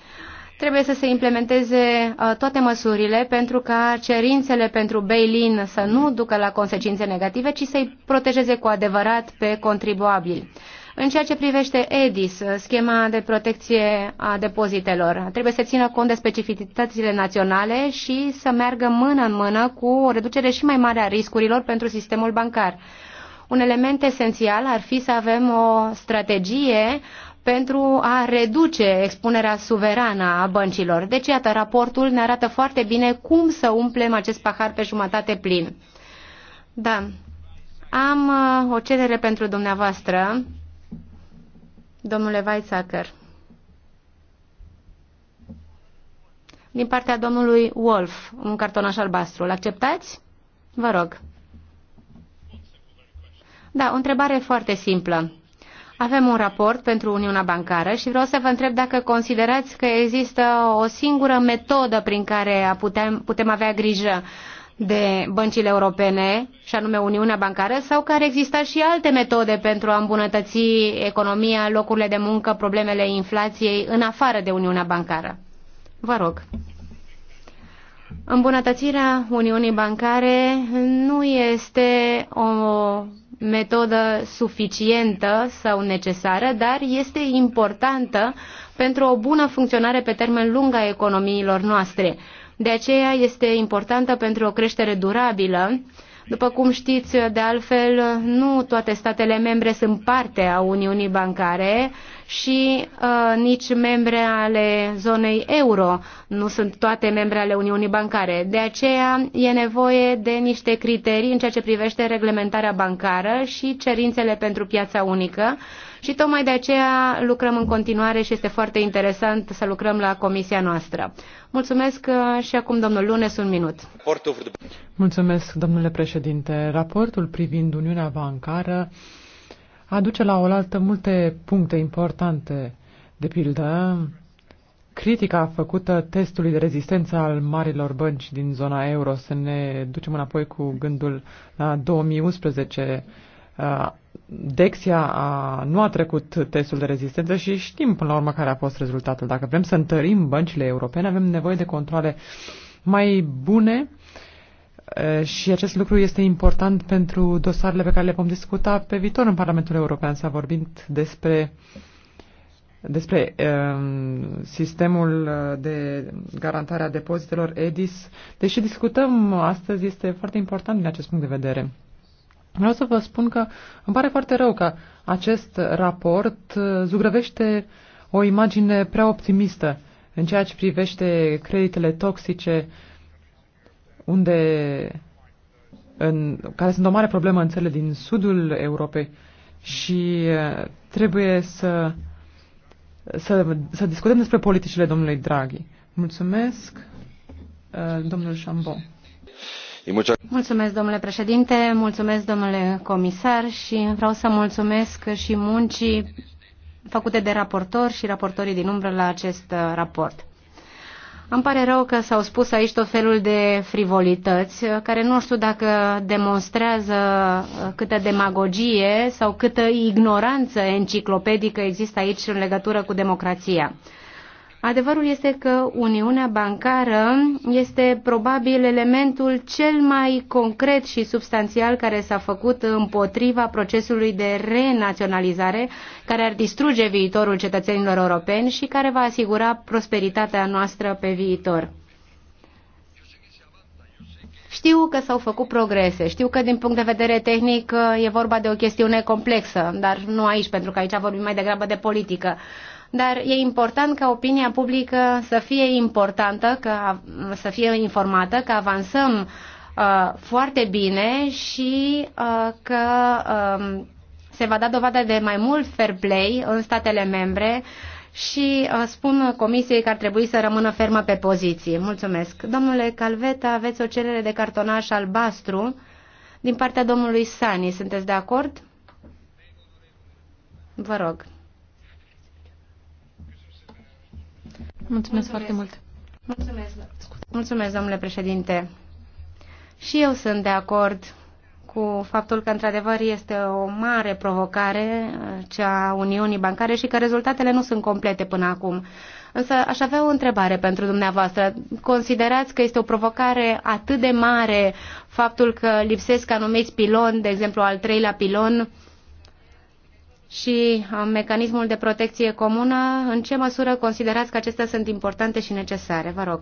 Trebuie să se implementeze uh, toate măsurile pentru ca cerințele pentru bail-in să nu ducă la consecințe negative, ci să-i protejeze cu adevărat pe contribuabili. În ceea ce privește EDIS, uh, schema de protecție a depozitelor, trebuie să țină cont de specificitățile naționale și să meargă mână în mână cu o reducere și mai mare a riscurilor pentru sistemul bancar. Un element esențial ar fi să avem o strategie pentru a reduce expunerea suverană a băncilor. Deci, iată, raportul ne arată foarte bine cum să umplem acest pahar pe jumătate plin. Da. Am uh, o cerere pentru dumneavoastră, domnule Weizsacker. Din partea domnului Wolf, un cartonaș albastru. L-acceptați? Vă rog. Da, o întrebare foarte simplă. Avem un raport pentru Uniunea Bancară și vreau să vă întreb dacă considerați că există o singură metodă prin care putem, putem avea grijă de băncile europene, și anume Uniunea Bancară, sau ar există și alte metode pentru a îmbunătăți economia, locurile de muncă, problemele inflației în afară de Uniunea Bancară. Vă rog. Îmbunătățirea Uniunii Bancare nu este o metodă suficientă sau necesară, dar este importantă pentru o bună funcționare pe termen lung a economiilor noastre. De aceea este importantă pentru o creștere durabilă după cum știți, de altfel, nu toate statele membre sunt parte a Uniunii Bancare și uh, nici membre ale zonei euro. Nu sunt toate membre ale Uniunii Bancare. De aceea e nevoie de niște criterii în ceea ce privește reglementarea bancară și cerințele pentru piața unică și tocmai de aceea lucrăm în continuare și este foarte interesant să lucrăm la comisia noastră. Mulțumesc uh, și acum domnul Lunes un minut. Mulțumesc, domnule președinte. Raportul privind Uniunea Bancară aduce la oaltă multe puncte importante. De pildă, critica făcută testului de rezistență al marilor bănci din zona euro, să ne ducem înapoi cu gândul la 2011, Uh, Dexia a, nu a trecut testul de rezistență și știm până la urmă care a fost rezultatul. Dacă vrem să întărim băncile europene, avem nevoie de controle mai bune uh, și acest lucru este important pentru dosarele pe care le vom discuta pe viitor în Parlamentul European. S-a vorbit despre despre um, sistemul uh, de garantare a depozitelor EDIS. Deși discutăm astăzi, este foarte important din acest punct de vedere. Vreau să vă spun că îmi pare foarte rău că acest raport uh, zugrăvește o imagine prea optimistă în ceea ce privește creditele toxice, unde, în, care sunt o mare problemă în țările din sudul Europei și uh, trebuie să, să, să discutăm despre politicile domnului Draghi. Mulțumesc, uh, domnul Chambon. Mulțumesc, domnule președinte, mulțumesc, domnule comisar și vreau să mulțumesc și muncii făcute de raportor și raportorii din umbră la acest uh, raport. Îmi pare rău că s-au spus aici tot felul de frivolități, uh, care nu știu dacă demonstrează uh, câtă demagogie sau câtă ignoranță enciclopedică există aici în legătură cu democrația. Adevărul este că Uniunea Bancară este probabil elementul cel mai concret și substanțial care s-a făcut împotriva procesului de renaționalizare, care ar distruge viitorul cetățenilor europeni și care va asigura prosperitatea noastră pe viitor. Știu că s-au făcut progrese, știu că din punct de vedere tehnic e vorba de o chestiune complexă, dar nu aici, pentru că aici vorbim mai degrabă de politică dar e important ca opinia publică să fie importantă, că, să fie informată, că avansăm uh, foarte bine și uh, că uh, se va da dovadă de mai mult fair play în statele membre și uh, spun comisiei că ar trebui să rămână fermă pe poziții. Mulțumesc. Domnule Calveta, aveți o cerere de cartonaș albastru din partea domnului Sani. Sunteți de acord? Vă rog. Mulțumesc foarte mult. Mulțumesc, Mulțumesc domnule președinte. Și eu sunt de acord cu faptul că, într-adevăr, este o mare provocare uh, cea a Uniunii Bancare și că rezultatele nu sunt complete până acum. Însă aș avea o întrebare pentru dumneavoastră. Considerați că este o provocare atât de mare faptul că lipsesc anumiți piloni, de exemplu al treilea pilon, și uh, mecanismul de protecție comună, în ce măsură considerați că acestea sunt importante și necesare? Vă rog.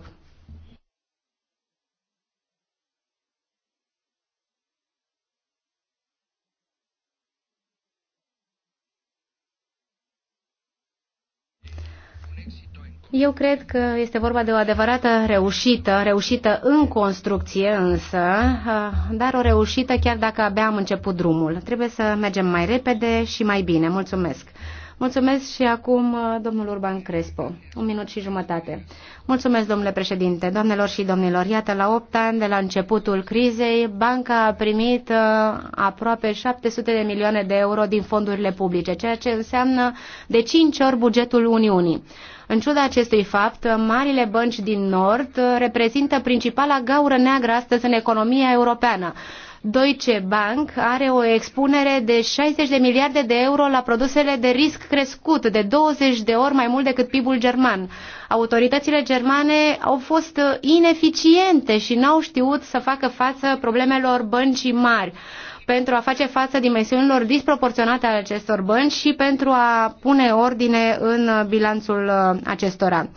Eu cred că este vorba de o adevărată reușită, reușită în construcție însă, ah, dar o reușită chiar dacă abia am început drumul. Trebuie să mergem mai repede și mai bine. Mulțumesc! Mulțumesc și acum uh, domnul Urban Crespo. Un minut și jumătate. Mulțumesc, domnule președinte, domnilor și domnilor. Iată, la 8 ani de la începutul crizei, banca a primit uh, aproape 700 de milioane de euro din fondurile publice, ceea ce înseamnă de 5 ori bugetul Uniunii. În ciuda acestui fapt, marile bănci din Nord uh, reprezintă principala gaură neagră astăzi în economia europeană. Deutsche Bank are o expunere de 60 de miliarde de euro la produsele de risc crescut, de 20 de ori mai mult decât PIB-ul german. Autoritățile germane au fost uh, ineficiente și n-au știut să facă față problemelor băncii mari pentru a face față dimensiunilor disproporționate ale acestor bănci și pentru a pune ordine în uh, bilanțul uh, acestora.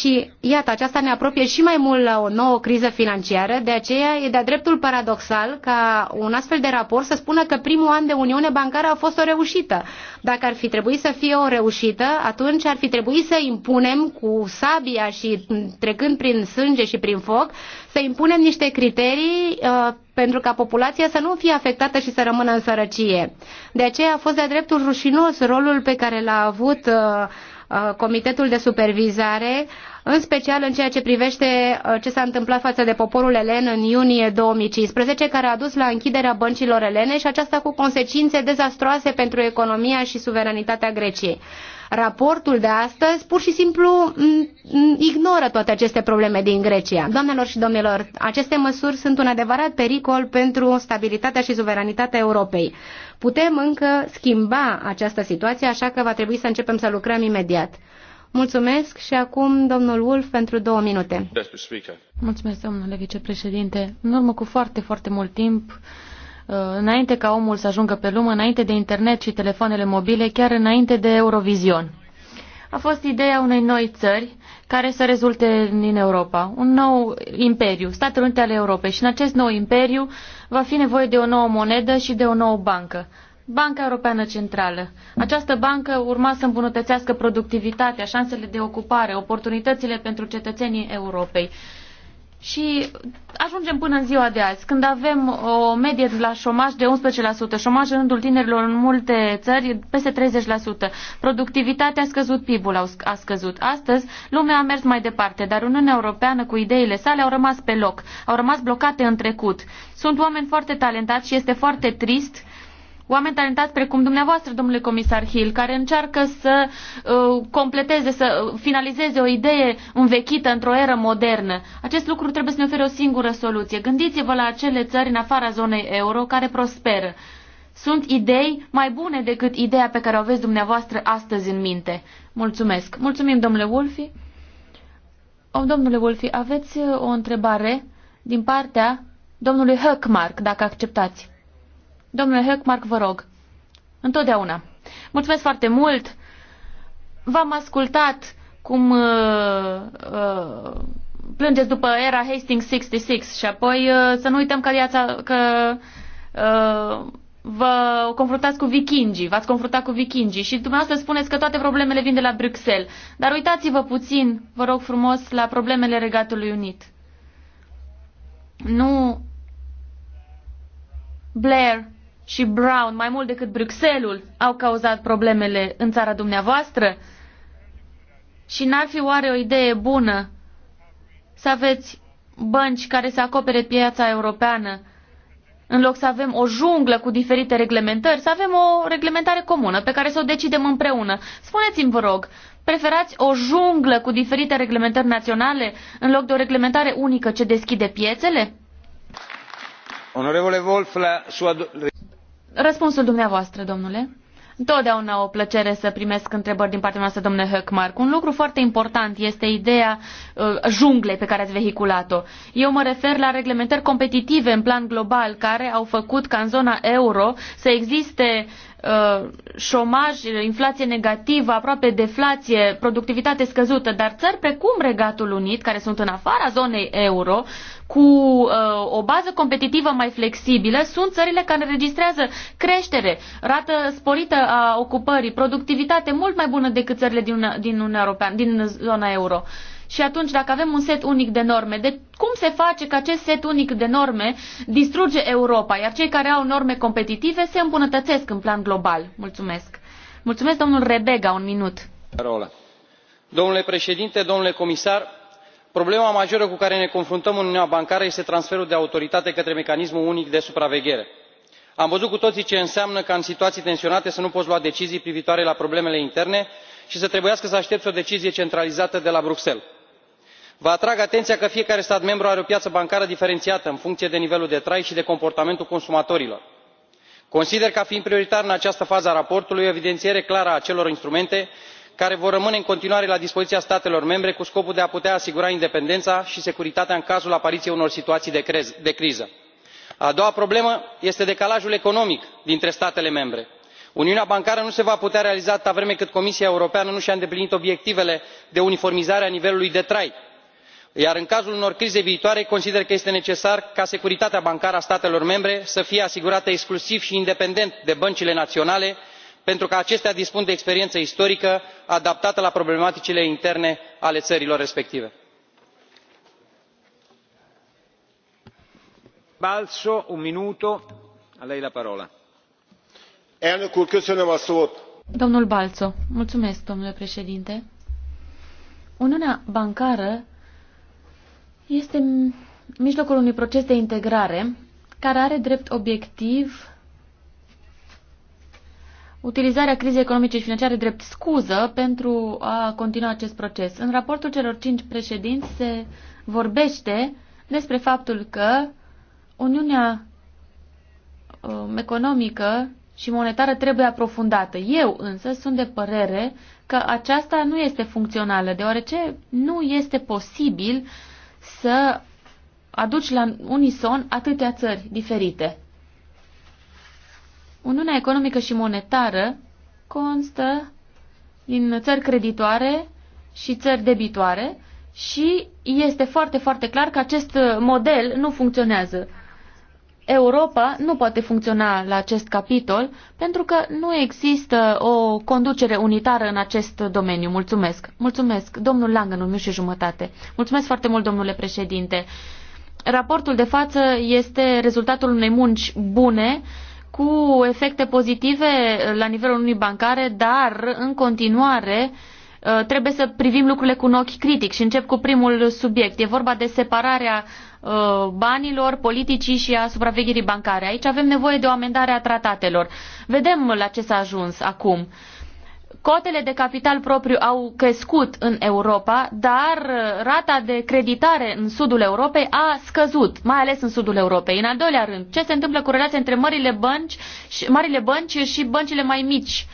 Și iată, aceasta ne apropie și mai mult la o nouă criză financiară, de aceea e de-a dreptul paradoxal ca un astfel de raport să spună că primul an de Uniune Bancară a fost o reușită. Dacă ar fi trebuit să fie o reușită, atunci ar fi trebuit să impunem cu sabia și trecând prin sânge și prin foc, să impunem niște criterii uh, pentru ca populația să nu fie afectată și să rămână în sărăcie. De aceea a fost de-a dreptul rușinos rolul pe care l-a avut uh, Uh, Comitetul de Supervizare, în special în ceea ce privește uh, ce s-a întâmplat față de poporul elen în iunie 2015, care a dus la închiderea băncilor elene și aceasta cu consecințe dezastroase pentru economia și suveranitatea Greciei. Raportul de astăzi pur și simplu ignoră toate aceste probleme din Grecia. Doamnelor și domnilor, aceste măsuri sunt un adevărat pericol pentru stabilitatea și suveranitatea Europei. Putem încă schimba această situație, așa că va trebui să începem să lucrăm imediat. Mulțumesc și acum domnul Wolf pentru două minute. Mulțumesc, domnule vicepreședinte. În urmă cu foarte, foarte mult timp, Uh, înainte ca omul să ajungă pe lume, înainte de internet și telefoanele mobile, chiar înainte de Eurovision. A fost ideea unei noi țări care să rezulte din Europa, un nou imperiu, Statele Unite ale Europei. Și în acest nou imperiu va fi nevoie de o nouă monedă și de o nouă bancă. Banca Europeană Centrală. Această bancă urma să îmbunătățească productivitatea, șansele de ocupare, oportunitățile pentru cetățenii Europei și ajungem până în ziua de azi, când avem o medie la șomaj de 11%, șomaj în rândul tinerilor în multe țări peste 30%, productivitatea a scăzut, PIB-ul a scăzut. Astăzi, lumea a mers mai departe, dar Uniunea Europeană cu ideile sale au rămas pe loc, au rămas blocate în trecut. Sunt oameni foarte talentați și este foarte trist oameni talentați precum dumneavoastră, domnule comisar Hill, care încearcă să uh, completeze, să finalizeze o idee învechită într-o eră modernă. Acest lucru trebuie să ne ofere o singură soluție. Gândiți-vă la acele țări în afara zonei euro care prosperă. Sunt idei mai bune decât ideea pe care o aveți dumneavoastră astăzi în minte. Mulțumesc. Mulțumim, domnule Wolfi. O, domnule Wolfi, aveți uh, o întrebare din partea domnului Höckmark, dacă acceptați. Domnule Heckmark, vă rog. Întotdeauna. Mulțumesc foarte mult. V-am ascultat cum uh, uh, plângeți după era Hastings 66 și apoi uh, să nu uităm că, viața, că uh, vă confruntați cu vikingii, v-ați confruntat cu vikingii și dumneavoastră spuneți că toate problemele vin de la Bruxelles. Dar uitați-vă puțin, vă rog frumos, la problemele Regatului Unit. Nu Blair și Brown, mai mult decât Bruxelles, au cauzat problemele în țara dumneavoastră? Și n-ar fi oare o idee bună să aveți bănci care să acopere piața europeană, în loc să avem o junglă cu diferite reglementări, să avem o reglementare comună pe care să o decidem împreună. Spuneți-mi, vă rog, preferați o junglă cu diferite reglementări naționale în loc de o reglementare unică ce deschide piețele? Onorevole Wolf, la sua... Răspunsul dumneavoastră, domnule. Întotdeauna o plăcere să primesc întrebări din partea noastră, domnule Höckmark. Un lucru foarte important este ideea uh, junglei pe care ați vehiculat-o. Eu mă refer la reglementări competitive în plan global care au făcut ca în zona euro să existe uh, șomaj, inflație negativă, aproape deflație, productivitate scăzută, dar țări precum Regatul Unit, care sunt în afara zonei euro, cu uh, o bază competitivă mai flexibilă sunt țările care înregistrează creștere, rată sporită a ocupării, productivitate mult mai bună decât țările din, din, Uniunea Europeană, din zona euro. Și atunci, dacă avem un set unic de norme, de cum se face că acest set unic de norme distruge Europa, iar cei care au norme competitive se îmbunătățesc în plan global? Mulțumesc. Mulțumesc, domnul Rebega, un minut. Parola. Domnule președinte, domnule comisar, problema majoră cu care ne confruntăm în uniunea bancară este transferul de autoritate către mecanismul unic de supraveghere. am văzut cu toții ce înseamnă ca în situații tensionate să nu poți lua decizii privitoare la problemele interne și să trebuiască să aștepți o decizie centralizată de la bruxelles. vă atrag atenția că fiecare stat membru are o piață bancară diferențiată în funcție de nivelul de trai și de comportamentul consumatorilor. consider ca fiind prioritară în această fază a raportului o evidențiere clară a acelor instrumente care vor rămâne în continuare la dispoziția statelor membre cu scopul de a putea asigura independența și securitatea în cazul apariției unor situații de criză. a doua problemă este decalajul economic dintre statele membre. uniunea bancară nu se va putea realiza atâta vreme cât comisia europeană nu și a îndeplinit obiectivele de uniformizare a nivelului de trai iar în cazul unor crize viitoare consider că este necesar ca securitatea bancară a statelor membre să fie asigurată exclusiv și independent de băncile naționale pentru că acestea dispun de experiență istorică adaptată la problematicile interne ale țărilor respective. mulțumesc, domnule președinte uniunea bancară este mijlocul unui proces de integrare care are drept obiectiv utilizarea crizei economice și financiare drept scuză pentru a continua acest proces. În raportul celor cinci președinți se vorbește despre faptul că Uniunea um, economică și monetară trebuie aprofundată. Eu însă sunt de părere că aceasta nu este funcțională, deoarece nu este posibil să aduci la unison atâtea țări diferite. Uniunea economică și monetară constă din țări creditoare și țări debitoare și este foarte, foarte clar că acest model nu funcționează. Europa nu poate funcționa la acest capitol pentru că nu există o conducere unitară în acest domeniu. Mulțumesc. Mulțumesc, domnul Lang, în și jumătate. Mulțumesc foarte mult, domnule președinte. Raportul de față este rezultatul unei munci bune cu efecte pozitive la nivelul unui bancare, dar în continuare uh, trebuie să privim lucrurile cu un ochi critic și încep cu primul subiect. E vorba de separarea uh, banilor, politicii și a supravegherii bancare. Aici avem nevoie de o amendare a tratatelor. Vedem la ce s-a ajuns acum. Cotele de capital propriu au crescut în Europa, dar uh, rata de creditare în sudul Europei a scăzut, mai ales în sudul Europei. În al doilea rând, ce se întâmplă cu relația între marile bănci și, marile bănci și băncile mai mici?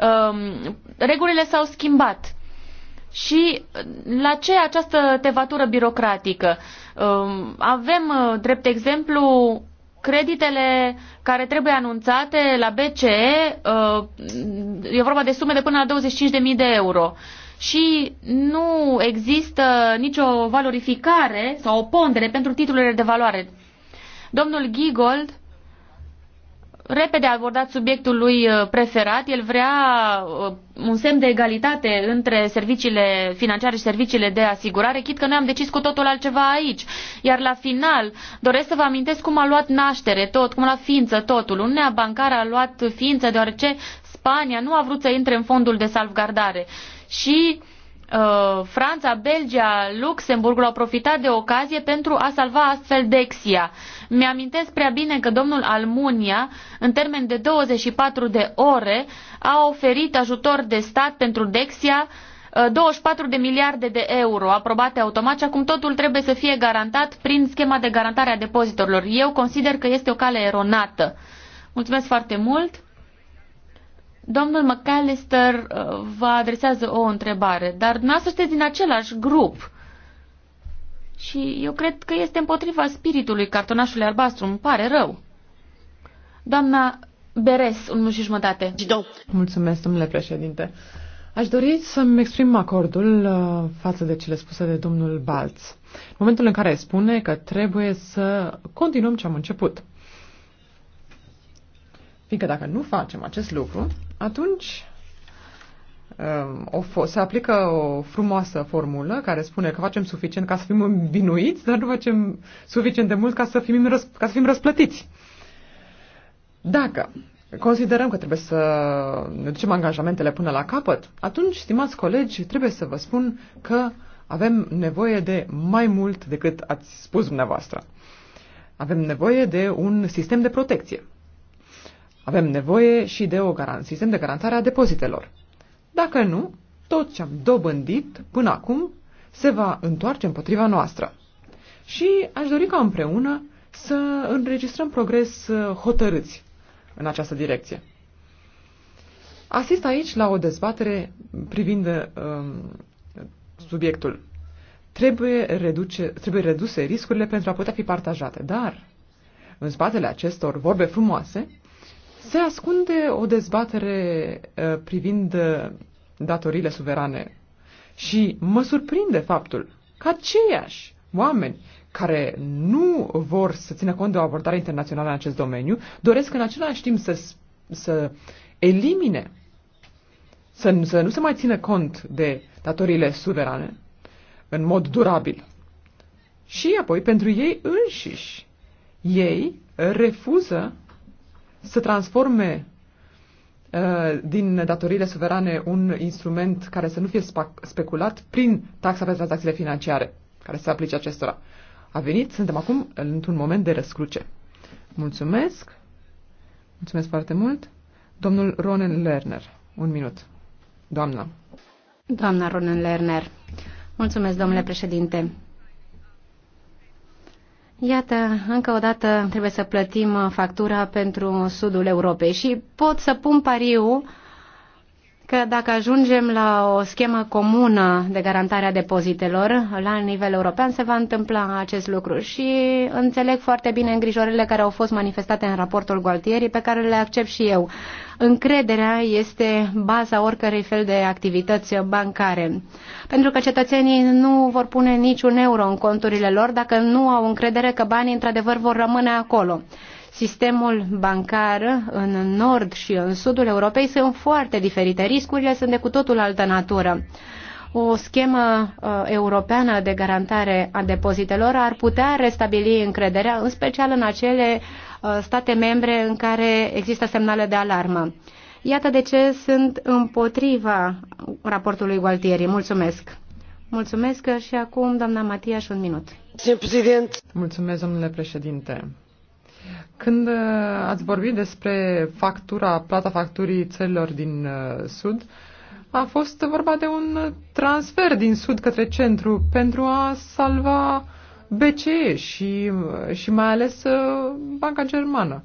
Um, regulile s-au schimbat. Și uh, la ce această tevatură birocratică? Um, avem, uh, drept exemplu, creditele care trebuie anunțate la BCE, uh, e vorba de sume de până la 25.000 de euro și nu există nicio valorificare sau o pondere pentru titlurile de valoare. Domnul Gigold, repede a abordat subiectul lui uh, preferat. El vrea uh, un semn de egalitate între serviciile financiare și serviciile de asigurare, chit că noi am decis cu totul altceva aici. Iar la final, doresc să vă amintesc cum a luat naștere tot, cum a luat ființă totul. Uniunea bancară a luat ființă deoarece Spania nu a vrut să intre în fondul de salvgardare. Și Uh, Franța, Belgia, Luxemburgul au profitat de ocazie pentru a salva astfel Dexia. Mi-amintesc prea bine că domnul Almunia, în termen de 24 de ore, a oferit ajutor de stat pentru Dexia 24 uh, de miliarde de euro aprobate automat și acum totul trebuie să fie garantat prin schema de garantare a depozitorilor. Eu consider că este o cale eronată. Mulțumesc foarte mult! Domnul McAllister uh, vă adresează o întrebare, dar dumneavoastră sunteți din același grup. Și eu cred că este împotriva spiritului cartonașului albastru, îmi pare rău. Doamna Beres, un și jumătate. Mulțumesc, domnule președinte. Aș dori să-mi exprim acordul uh, față de cele spuse de domnul Balț. În momentul în care spune că trebuie să continuăm ce am început. Fiindcă dacă nu facem acest lucru, atunci um, o, se aplică o frumoasă formulă care spune că facem suficient ca să fim învinuiți, dar nu facem suficient de mult ca să fim, răs, ca să fim răsplătiți. Dacă considerăm că trebuie să ne ducem angajamentele până la capăt, atunci, stimați colegi, trebuie să vă spun că avem nevoie de mai mult decât ați spus dumneavoastră. Avem nevoie de un sistem de protecție. Avem nevoie și de o garan- sistem de garantare a depozitelor. Dacă nu, tot ce am dobândit până acum se va întoarce împotriva noastră. Și aș dori ca împreună să înregistrăm progres uh, hotărâți în această direcție. Asist aici la o dezbatere privind um, subiectul. Trebuie, reduce, trebuie reduse riscurile pentru a putea fi partajate, dar în spatele acestor vorbe frumoase se ascunde o dezbatere privind datoriile suverane și mă surprinde faptul că aceiași oameni care nu vor să țină cont de o abordare internațională în acest domeniu, doresc în același timp să, să elimine, să, să nu se mai țină cont de datoriile suverane în mod durabil. Și apoi, pentru ei înșiși, ei refuză să transforme uh, din datoriile suverane un instrument care să nu fie speculat prin taxa pe tranzacțiile financiare care se aplice acestora. A venit, suntem acum într-un moment de răscruce. Mulțumesc. Mulțumesc foarte mult. Domnul Ronen Lerner, un minut. Doamna. Doamna Ronen Lerner. Mulțumesc, domnule președinte. Iată, încă o dată trebuie să plătim factura pentru sudul Europei și pot să pun pariu că dacă ajungem la o schemă comună de garantare a depozitelor la nivel european, se va întâmpla acest lucru și înțeleg foarte bine îngrijorările care au fost manifestate în raportul Gualtieri, pe care le accept și eu încrederea este baza oricărei fel de activități bancare. Pentru că cetățenii nu vor pune niciun euro în conturile lor dacă nu au încredere că banii într-adevăr vor rămâne acolo. Sistemul bancar în nord și în sudul Europei sunt foarte diferite. Riscurile sunt de cu totul altă natură o schemă uh, europeană de garantare a depozitelor ar putea restabili încrederea, în special în acele Uh, state membre în care există semnale de alarmă. Iată de ce sunt împotriva raportului Gualtieri. Mulțumesc! Mulțumesc și acum, doamna Matia, și un minut. Mulțumesc, domnule președinte. Când uh, ați vorbit despre factura, plata facturii țărilor din uh, Sud, a fost vorba de un transfer din Sud către centru pentru a salva BCE și, și mai ales uh, Banca Germană.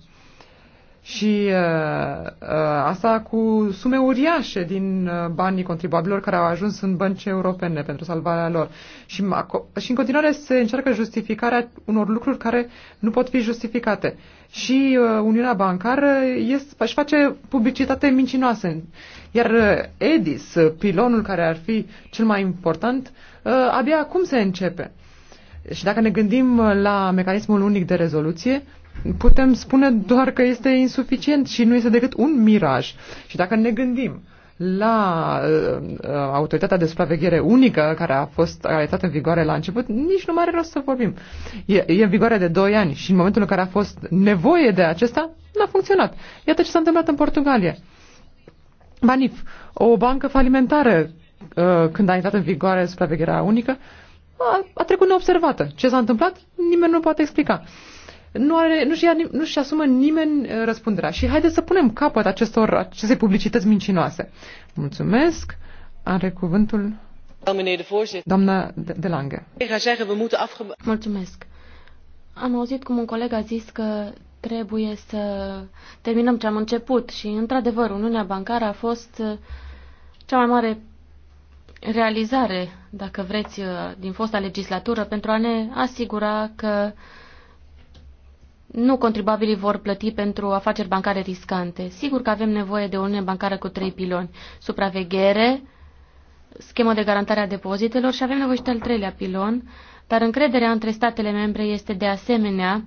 Și uh, uh, asta cu sume uriașe din uh, banii contribuabilor care au ajuns în bănci europene pentru salvarea lor. Și, și în continuare se încearcă justificarea unor lucruri care nu pot fi justificate. Și uh, Uniunea Bancară este, își face publicitate mincinoasă. Iar uh, EDIS, uh, pilonul care ar fi cel mai important, uh, abia acum se începe. Și dacă ne gândim uh, la mecanismul unic de rezoluție, putem spune doar că este insuficient și nu este decât un miraj. Și dacă ne gândim la uh, uh autoritatea de supraveghere unică care a fost realizată în vigoare la început, nici nu mai are rost să vorbim. E, e în vigoare de 2 ani și în momentul în care a fost nevoie de acesta, n-a funcționat. Iată ce s-a întâmplat în Portugalia. Banif, o bancă falimentară uh, când a intrat în vigoare supravegherea unică, uh, a, a trecut neobservată. Ce s-a întâmplat? Nimeni nu poate explica. Nu, are, nu, și ia, nu și asumă nimeni uh, răspunderea. Și haideți să punem capăt acestor, acestei publicități mincinoase. Mulțumesc. Are cuvântul doamna De, de Lange. Mulțumesc. Am auzit cum un coleg a zis că trebuie să terminăm ce am început și, într-adevăr, Uniunea Bancară a fost uh, cea mai mare realizare, dacă vreți, uh, din fosta legislatură pentru a ne asigura că nu contribuabilii vor plăti pentru afaceri bancare riscante. Sigur că avem nevoie de o uniune bancară cu trei piloni. Supraveghere, schemă de garantare a depozitelor și avem nevoie și de al treilea pilon, dar încrederea între statele membre este de asemenea,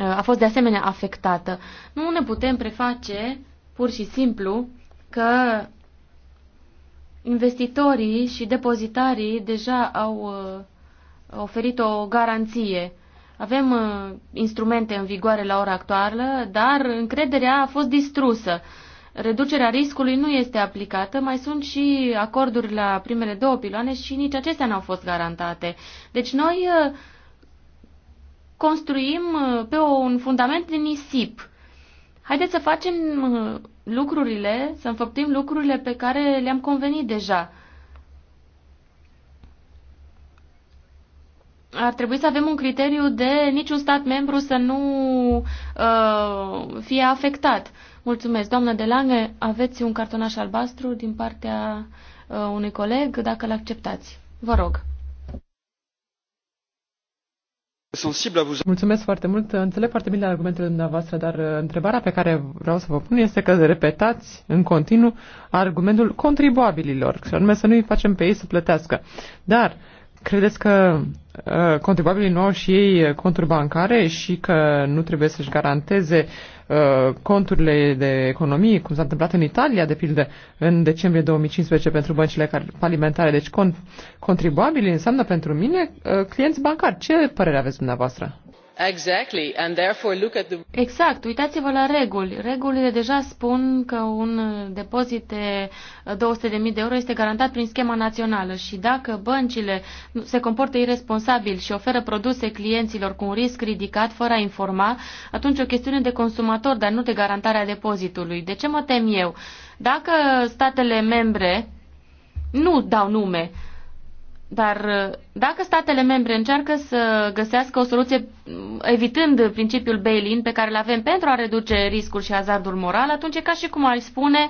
uh, a fost de asemenea afectată. Nu ne putem preface pur și simplu că investitorii și depozitarii deja au uh, oferit o garanție. Avem uh, instrumente în vigoare la ora actuală, dar încrederea a fost distrusă. Reducerea riscului nu este aplicată, mai sunt și acorduri la primele două piloane și nici acestea n-au fost garantate. Deci noi uh, construim pe un fundament de nisip Haideți să facem uh, lucrurile, să înfăptim lucrurile pe care le-am convenit deja. ar trebui să avem un criteriu de niciun stat membru să nu uh, fie afectat. Mulțumesc. Doamnă lange, aveți un cartonaș albastru din partea uh, unui coleg, dacă l acceptați. Vă rog. Mulțumesc foarte mult. Înțeleg foarte bine argumentele dumneavoastră, dar uh, întrebarea pe care vreau să vă pun este că repetați în continuu argumentul contribuabililor, și anume să nu-i facem pe ei să plătească. Dar credeți că uh, contribuabilii nu au și ei conturi bancare și că nu trebuie să-și garanteze Uh, conturile de economie, cum s-a întâmplat în Italia, de pildă, în decembrie 2015 pentru băncile alimentare. Deci cont, contribuabili înseamnă pentru mine uh, clienți bancari. Ce părere aveți dumneavoastră? Exactly. And therefore look at the... Exact, uitați-vă la reguli. Regulile deja spun că un depozit de 200.000 de euro este garantat prin schema națională și dacă băncile se comportă irresponsabil și oferă produse clienților cu un risc ridicat fără a informa, atunci o chestiune de consumator, dar nu de garantarea depozitului. De ce mă tem eu? Dacă statele membre nu dau nume, dar uh, dacă statele membre încearcă să găsească o soluție mm, evitând principiul bail-in pe care îl avem pentru a reduce riscul și hazardul moral, atunci e ca și cum ar spune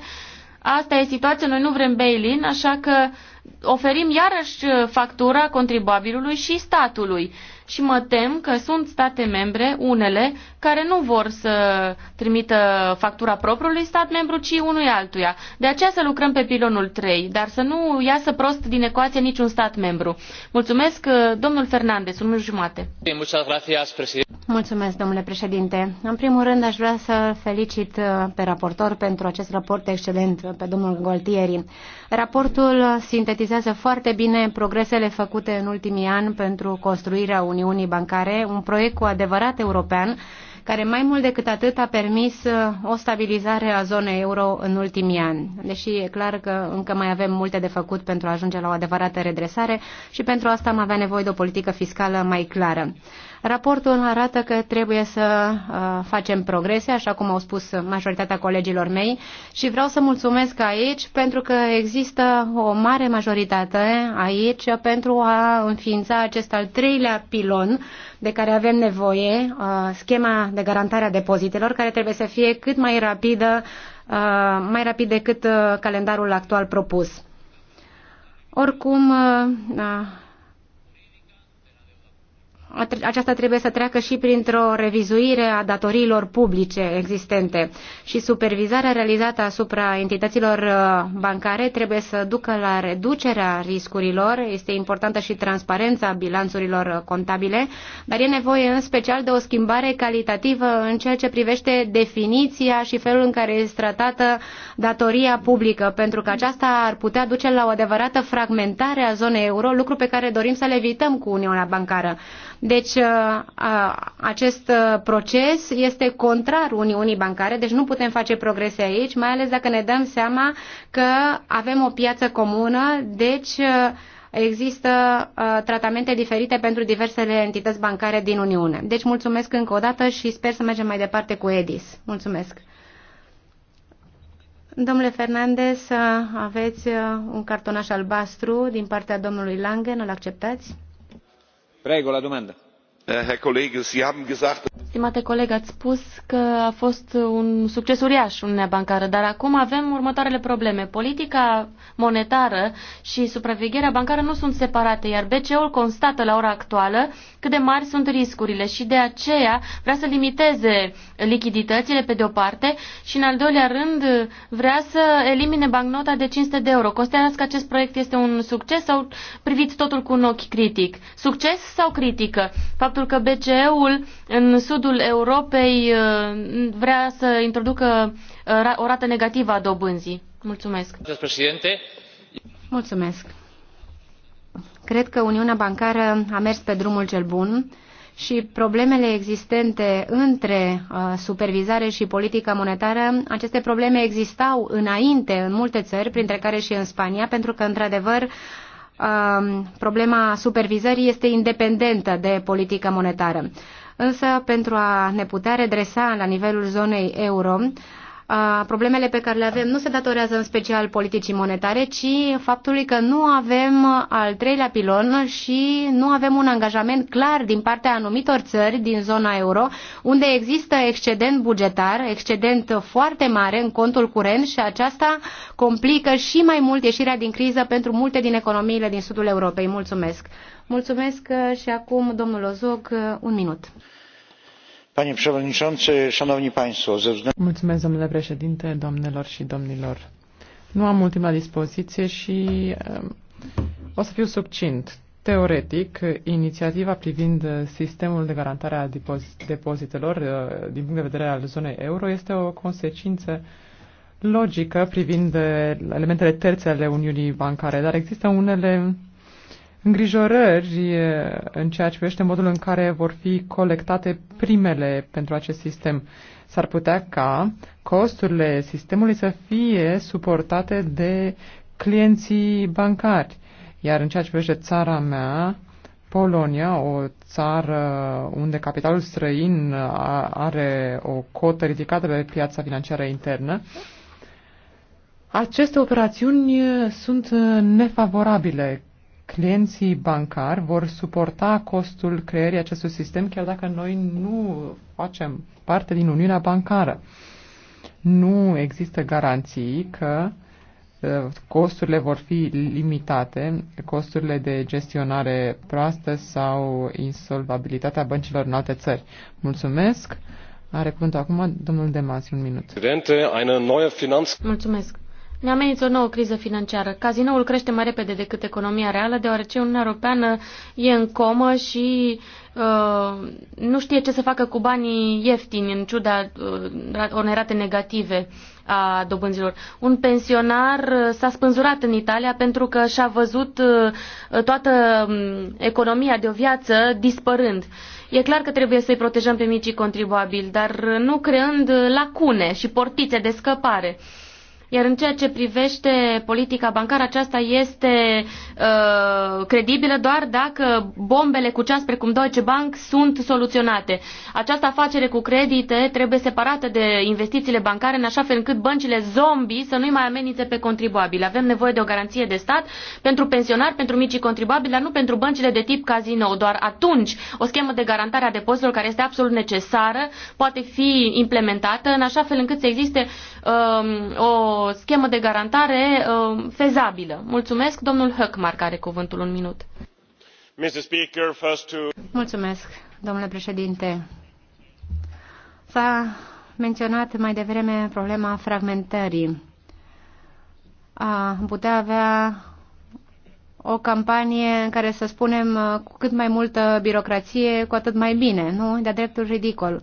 asta e situația, noi nu vrem bail-in, așa că oferim iarăși uh, factura contribuabilului și statului. Și mă tem că sunt state membre, unele, care nu vor să trimită factura propriului stat membru, ci unui altuia. De aceea să lucrăm pe pilonul 3, dar să nu iasă prost din ecuație niciun stat membru. Mulțumesc, domnul Fernandez, unul jumate. Mulțumesc, domnule președinte. În primul rând, aș vrea să felicit uh, pe raportor pentru acest raport excelent, uh, pe domnul Goltieri. Raportul sintetizează foarte bine progresele făcute în ultimii ani pentru construirea Uniunii Bancare, un proiect cu adevărat european, care mai mult decât atât a permis uh, o stabilizare a zonei euro în ultimii ani. Deși e clar că încă mai avem multe de făcut pentru a ajunge la o adevărată redresare și pentru asta am avea nevoie de o politică fiscală mai clară. Raportul arată că trebuie să uh, facem progrese, așa cum au spus majoritatea colegilor mei și vreau să mulțumesc aici pentru că există o mare majoritate aici pentru a înființa acest al treilea pilon de care avem nevoie, uh, schema de garantare a depozitelor, care trebuie să fie cât mai rapidă, uh, mai rapid decât calendarul actual propus. Oricum, aceasta trebuie să treacă și printr-o revizuire a datoriilor publice existente și supervizarea realizată asupra entităților uh, bancare trebuie să ducă la reducerea riscurilor. Este importantă și transparența bilanțurilor uh, contabile, dar e nevoie în special de o schimbare calitativă în ceea ce privește definiția și felul în care este tratată datoria publică, pentru că aceasta ar putea duce la o adevărată fragmentare a zonei euro, lucru pe care dorim să le evităm cu Uniunea Bancară. Deci uh, acest uh, proces este contrar Uniunii Bancare, deci nu putem face progrese aici, mai ales dacă ne dăm seama că avem o piață comună, deci uh, există tratamente diferite pentru diversele entități bancare din Uniune. Deci mulțumesc încă o dată și sper să mergem mai departe cu EDIS. Mulțumesc! Domnule Fernandez, aveți un cartonaș albastru din partea domnului Langen, îl acceptați? domnule Äh, Stimate coleg, ați spus că a fost un succes uriaș Uniunea Bancară, dar acum avem următoarele probleme. Politica monetară și supravegherea bancară nu sunt separate, iar BCE-ul constată la ora actuală cât de mari sunt riscurile și de aceea vrea să limiteze lichiditățile pe de o parte și în al doilea rând vrea să elimine bancnota de 500 de euro. Considerați că acest proiect este un succes sau priviți totul cu un ochi critic? Succes sau critică? Faptul faptul că BCE-ul în sudul Europei uh, vrea să introducă uh, o rată negativă a dobânzii. Mulțumesc. Mulțumesc. Cred că Uniunea Bancară a mers pe drumul cel bun și problemele existente între uh, supervizare și politica monetară, aceste probleme existau înainte în multe țări, printre care și în Spania, pentru că, într-adevăr, Um, problema supervizării este independentă de politică monetară. Însă, pentru a ne putea redresa la nivelul zonei euro, problemele pe care le avem nu se datorează în special politicii monetare, ci faptului că nu avem al treilea pilon și nu avem un angajament clar din partea anumitor țări din zona euro, unde există excedent bugetar, excedent foarte mare în contul curent și aceasta complică și mai mult ieșirea din criză pentru multe din economiile din sudul Europei. Mulțumesc! Mulțumesc și acum, domnul Ozog, un minut. Mulțumesc, domnule președinte, doamnelor și domnilor. Nu am ultima dispoziție și um, o să fiu succint. Teoretic, inițiativa privind sistemul de garantare a depozitelor uh, din punct de vedere al zonei euro este o consecință logică privind elementele terțe ale Uniunii Bancare, dar există unele îngrijorări în ceea ce privește modul în care vor fi colectate primele pentru acest sistem. S-ar putea ca costurile sistemului să fie suportate de clienții bancari. Iar în ceea ce privește țara mea, Polonia, o țară unde capitalul străin are o cotă ridicată pe piața financiară internă, aceste operațiuni sunt nefavorabile clienții bancari vor suporta costul creierii acestui sistem, chiar dacă noi nu facem parte din Uniunea Bancară. Nu există garanții că uh, costurile vor fi limitate, costurile de gestionare proastă sau insolvabilitatea băncilor în alte țări. Mulțumesc! Are cuvântul acum domnul Demas. un minut. Mulțumesc! Ne amenință o nouă criză financiară. Cazinoul crește mai repede decât economia reală, deoarece Uniunea Europeană e în comă și uh, nu știe ce să facă cu banii ieftini, în ciuda uh, unei rate negative a dobânzilor. Un pensionar uh, s-a spânzurat în Italia pentru că și-a văzut uh, toată um, economia de o viață dispărând. E clar că trebuie să-i protejăm pe micii contribuabili, dar uh, nu creând lacune și portițe de scăpare. Uh, iar în ceea ce privește politica bancară, aceasta este uh, credibilă doar dacă bombele cu ceas precum Deutsche Bank sunt soluționate. Această afacere cu credite trebuie separată de investițiile bancare în așa fel încât băncile zombie să nu-i mai amenințe pe contribuabili. Avem nevoie de o garanție de stat pentru pensionari, pentru micii contribuabili, dar nu pentru băncile de tip casino. Doar atunci o schemă de garantare a depozitelor care este absolut necesară poate fi implementată în așa fel încât să existe um, o schemă de garantare uh, fezabilă. Mulțumesc, domnul Höckmark are cuvântul un minut. Mulțumesc, domnule președinte. S-a menționat mai devreme problema fragmentării. A putea avea o campanie în care să spunem uh, cu cât mai multă birocrație, cu atât mai bine, nu? De-a dreptul ridicol.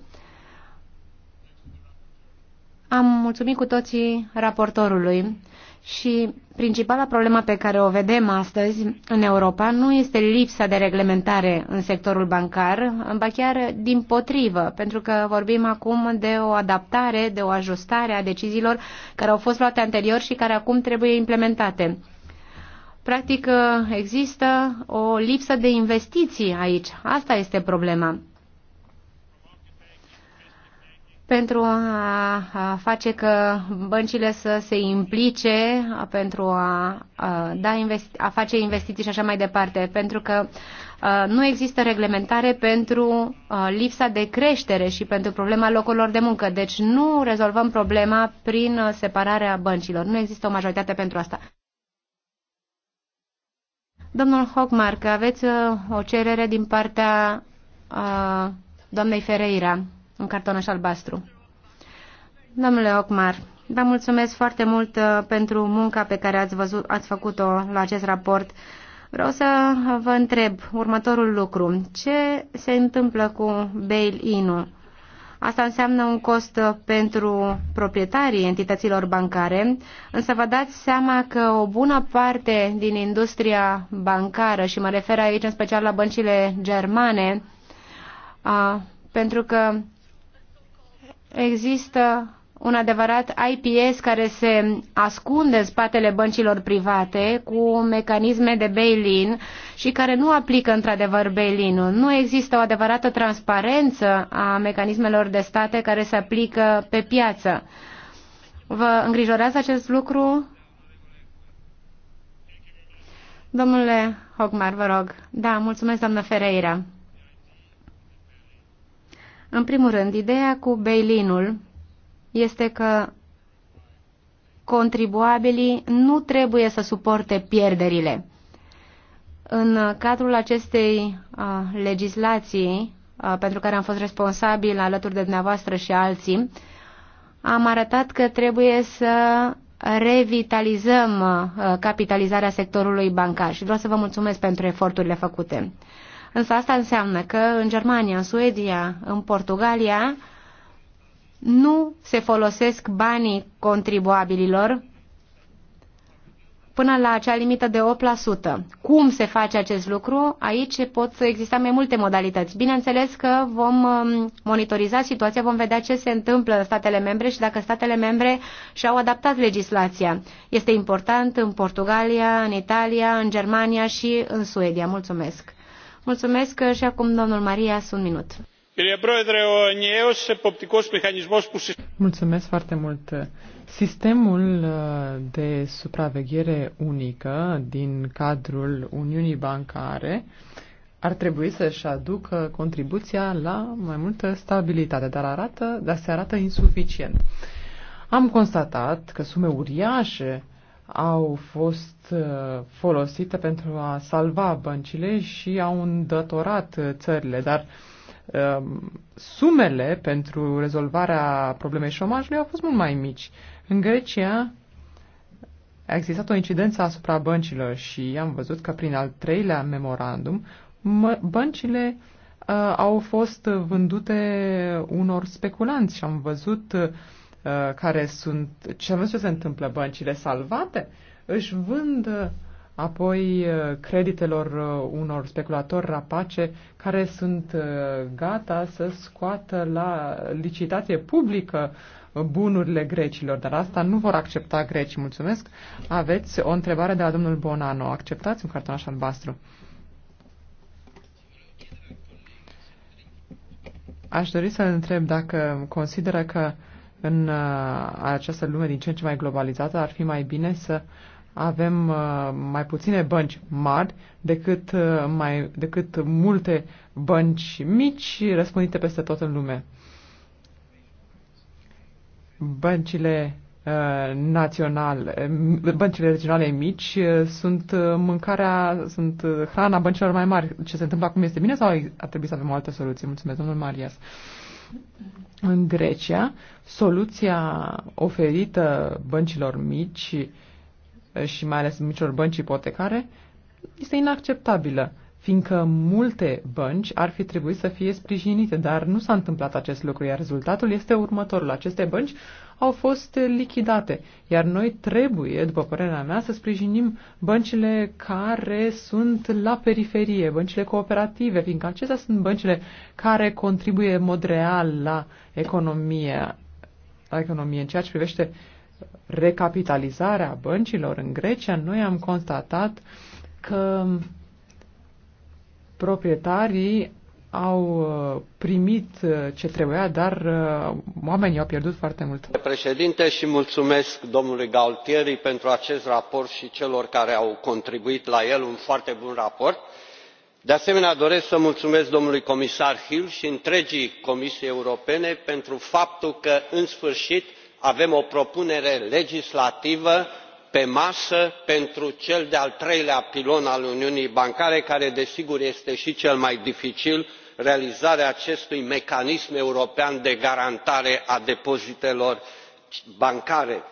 Am mulțumit cu toții raportorului și principala problemă pe care o vedem astăzi în Europa nu este lipsa de reglementare în sectorul bancar, ba chiar din potrivă, pentru că vorbim acum de o adaptare, de o ajustare a deciziilor care au fost luate anterior și care acum trebuie implementate. Practic există o lipsă de investiții aici. Asta este problema pentru a face că băncile să se implice, pentru a, da investi- a face investiții și așa mai departe, pentru că nu există reglementare pentru lipsa de creștere și pentru problema locurilor de muncă. Deci nu rezolvăm problema prin separarea băncilor. Nu există o majoritate pentru asta. Domnul Hockmark, aveți o cerere din partea doamnei Ferreira un cartonaș albastru. Domnule Ocmar, vă mulțumesc foarte mult uh, pentru munca pe care ați, văzut, ați făcut-o la acest raport. Vreau să vă întreb următorul lucru. Ce se întâmplă cu bail-in-ul? Asta înseamnă un cost pentru proprietarii entităților bancare, însă vă dați seama că o bună parte din industria bancară, și mă refer aici în special la băncile germane, a, pentru că există un adevărat IPS care se ascunde în spatele băncilor private cu mecanisme de bail-in și care nu aplică într-adevăr bail-in-ul. Nu există o adevărată transparență a mecanismelor de state care se aplică pe piață. Vă îngrijorează acest lucru? Domnule Hogmar, vă rog. Da, mulțumesc, doamnă Ferreira. În primul rând, ideea cu bailinul este că contribuabilii nu trebuie să suporte pierderile. În cadrul acestei uh, legislații uh, pentru care am fost responsabil alături de dumneavoastră și alții, am arătat că trebuie să revitalizăm uh, capitalizarea sectorului bancar și vreau să vă mulțumesc pentru eforturile făcute. Însă asta înseamnă că în Germania, în Suedia, în Portugalia nu se folosesc banii contribuabililor până la acea limită de 8%. Cum se face acest lucru? Aici pot exista mai multe modalități. Bineînțeles că vom um, monitoriza situația, vom vedea ce se întâmplă în statele membre și dacă statele membre și-au adaptat legislația. Este important în Portugalia, în Italia, în Germania și în Suedia. Mulțumesc! Mulțumesc și acum domnul Maria, un minut. Mulțumesc foarte mult. Sistemul uh, de supraveghere unică din cadrul Uniunii Bancare ar trebui să-și aducă contribuția la mai multă stabilitate, dar, arată, dar se arată insuficient. Am constatat că sume uriașe au fost uh, folosite pentru a salva băncile și au îndătorat uh, țările, dar um, sumele pentru rezolvarea problemei șomajului au fost mult mai mici. În Grecia a existat o incidență asupra băncilor și am văzut că prin al treilea memorandum băncile uh, au fost vândute unor speculanți și am văzut uh, Uh, care sunt... Ce văzut ce se întâmplă? Băncile salvate își vând uh, apoi uh, creditelor unor speculatori rapace care sunt gata să scoată la licitație publică bunurile grecilor, dar asta nu vor accepta grecii. Mulțumesc. Aveți o întrebare de la domnul Bonano. Acceptați un cartonaș albastru? Aș dori să întreb dacă consideră că în uh, această lume din ce în ce mai globalizată, ar fi mai bine să avem uh, mai puține bănci mari decât, uh, mai, decât multe bănci mici răspândite peste tot în lume. Băncile naționale, băncile regionale mici sunt mâncarea, sunt hrana băncilor mai mari. Ce se întâmplă acum este bine sau ar trebui să avem o altă soluție? Mulțumesc, domnul Marias. Uh, în Grecia, soluția oferită băncilor mici și mai ales micilor bănci ipotecare este inacceptabilă, fiindcă multe bănci ar fi trebuit să fie sprijinite, dar nu s-a întâmplat acest lucru, iar rezultatul este următorul. Aceste bănci au fost lichidate. Iar noi trebuie, după părerea mea, să sprijinim băncile care sunt la periferie, băncile cooperative, fiindcă acestea sunt băncile care contribuie în mod real la economie, la economie. În ceea ce privește recapitalizarea băncilor în Grecia, noi am constatat că proprietarii au uh, primit uh, ce trebuia, dar uh, oamenii au pierdut foarte mult. Președinte, și mulțumesc domnului Galtieri pentru acest raport și celor care au contribuit la el, un foarte bun raport. De asemenea, doresc să mulțumesc domnului comisar Hill și întregii Comisii Europene pentru faptul că, în sfârșit, avem o propunere legislativă pe masă pentru cel de al treilea pilon al uniunii bancare care desigur este și cel mai dificil realizarea acestui mecanism european de garantare a depozitelor bancare.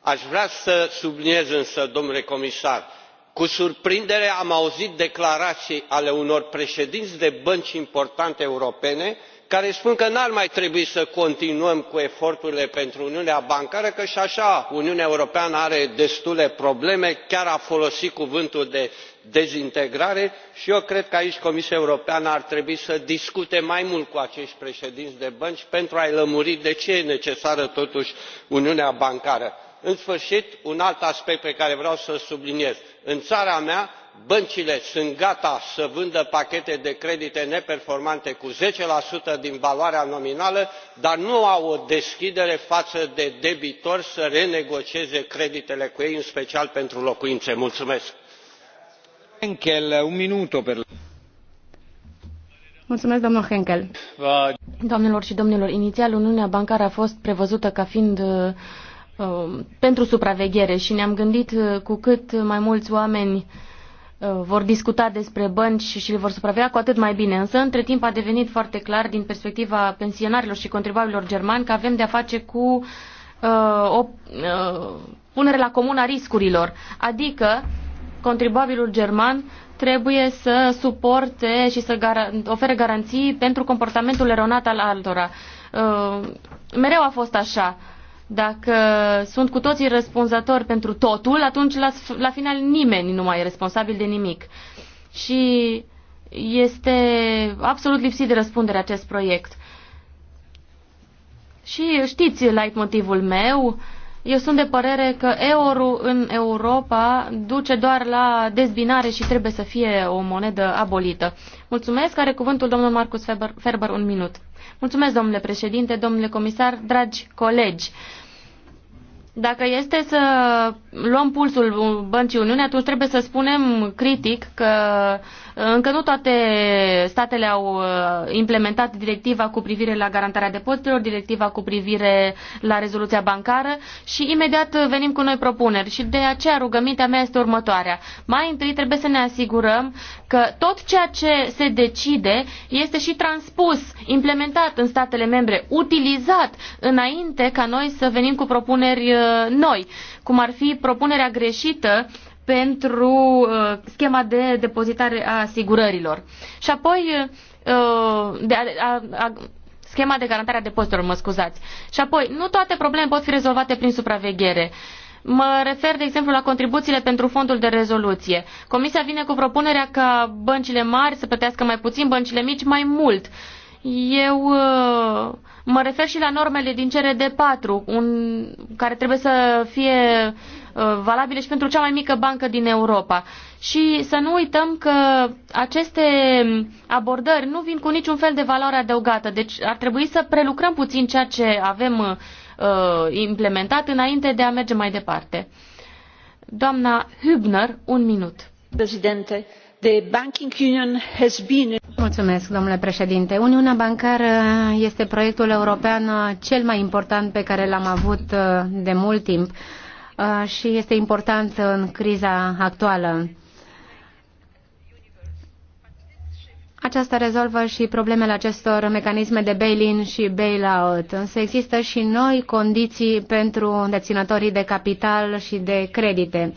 aș vrea să subliniez însă domnule comisar cu surprindere am auzit declarații ale unor președinți de bănci importante europene care care spun că nu ar mai trebui să continuăm cu eforturile pentru uniunea bancară că și așa uniunea europeană are destule probleme chiar a folosit cuvântul de dezintegrare și eu cred că aici comisia europeană ar trebui să discute mai mult cu acești președinți de bănci pentru a i lămuri de ce e necesară totuși uniunea bancară. în sfârșit un alt aspect pe care vreau să l subliniez în țara mea băncile sunt gata să vândă pachete de credite neperformante cu zece din valoarea nominală dar nu au o deschidere față de debitori să renegocieze creditele cu ei în special pentru locuințe. mulțumesc. Mulțumesc, domnul Henkel. Doamnelor și domnilor, inițial Uniunea Bancară a fost prevăzută ca fiind uh, uh, pentru supraveghere și ne-am gândit uh, cu cât mai mulți oameni Uh, vor discuta despre bănci și le vor supraveghea, cu atât mai bine. Însă, între timp a devenit foarte clar din perspectiva pensionarilor și contribuabililor germani că avem de-a face cu uh, o uh, punere la comun a riscurilor. Adică, contribuabilul german trebuie să suporte și să gar- ofere garanții pentru comportamentul eronat al altora. Uh, mereu a fost așa. Dacă sunt cu toții răspunzători pentru totul, atunci la, la final nimeni nu mai e responsabil de nimic. Și este absolut lipsit de răspundere acest proiect. Și știți light motivul meu, eu sunt de părere că euro în Europa duce doar la dezbinare și trebuie să fie o monedă abolită. Mulțumesc, are cuvântul domnul Marcus Ferber, Ferber un minut. Mulțumesc, domnule președinte, domnule comisar, dragi colegi. Dacă este să luăm pulsul băncii Uniunii, atunci trebuie să spunem critic că uh, încă nu toate statele au uh, implementat directiva cu privire la garantarea depozitelor, directiva cu privire la rezoluția bancară și imediat venim cu noi propuneri și de aceea rugămintea mea este următoarea. Mai întâi trebuie să ne asigurăm că tot ceea ce se decide este și transpus, implementat în statele membre, utilizat înainte ca noi să venim cu propuneri uh, noi, cum ar fi propunerea greșită pentru uh, schema de depozitare a asigurărilor. Și apoi uh, de a, a, a, schema de garantare a depozitelor, mă scuzați. Și apoi, nu toate probleme pot fi rezolvate prin supraveghere. Mă refer, de exemplu, la contribuțiile pentru fondul de rezoluție. Comisia vine cu propunerea ca băncile mari să plătească mai puțin, băncile mici mai mult. Uh, eu uh, mă refer și la normele din CRD4, un, care trebuie să fie uh, valabile și pentru cea mai mică bancă din Europa. Și să nu uităm că aceste abordări nu vin cu niciun fel de valoare adăugată, deci ar trebui să prelucrăm puțin ceea ce avem uh, implementat înainte de a merge mai departe. Doamna Hübner, un minut. Președinte, Mulțumesc, domnule președinte. Uniunea bancară este proiectul european cel mai important pe care l-am avut uh, de mult timp uh, și este important în criza actuală. Aceasta rezolvă și problemele acestor mecanisme de bail-in și bail-out, însă există și noi condiții pentru deținătorii de capital și de credite.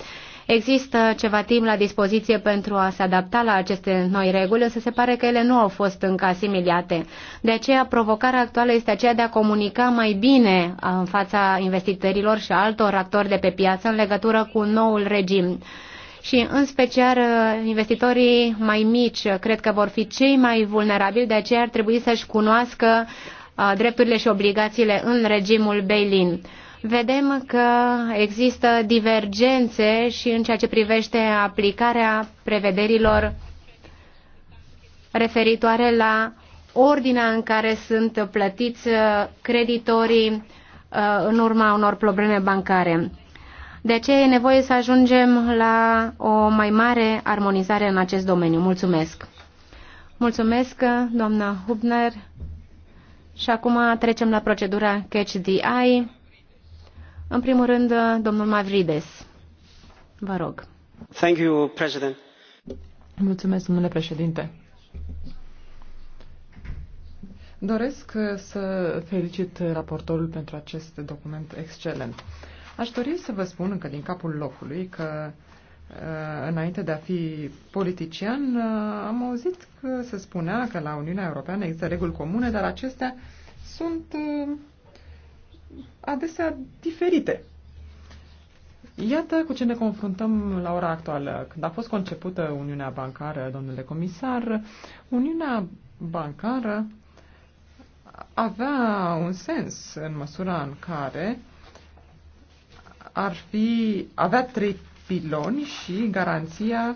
Există ceva timp la dispoziție pentru a se adapta la aceste noi reguli, însă se pare că ele nu au fost încă asimiliate. De aceea, provocarea actuală este aceea de a comunica mai bine uh, în fața investitorilor și altor actori de pe piață în legătură cu noul regim și în special uh, investitorii mai mici uh, cred că vor fi cei mai vulnerabili, de aceea ar trebui să-și cunoască drepturile și obligațiile în regimul bail-in vedem că există divergențe și în ceea ce privește aplicarea prevederilor referitoare la ordinea în care sunt plătiți uh, creditorii uh, în urma unor probleme bancare. De aceea e nevoie să ajungem la o mai mare armonizare în acest domeniu. Mulțumesc! Mulțumesc, doamna Hubner. Și acum trecem la procedura Catch the Eye. În primul rând, uh, domnul Mavrides. Vă rog. Thank you, President. Mulțumesc, domnule președinte. Doresc uh, să felicit raportorul pentru acest document excelent. Aș dori să vă spun încă din capul locului că uh, înainte de a fi politician am auzit că se spunea că la Uniunea Europeană există reguli comune, dar acestea sunt adesea diferite. Iată cu ce ne confruntăm la ora actuală. Când a fost concepută Uniunea Bancară, domnule comisar, Uniunea Bancară avea un sens în măsura în care ar fi, avea trei piloni și garanția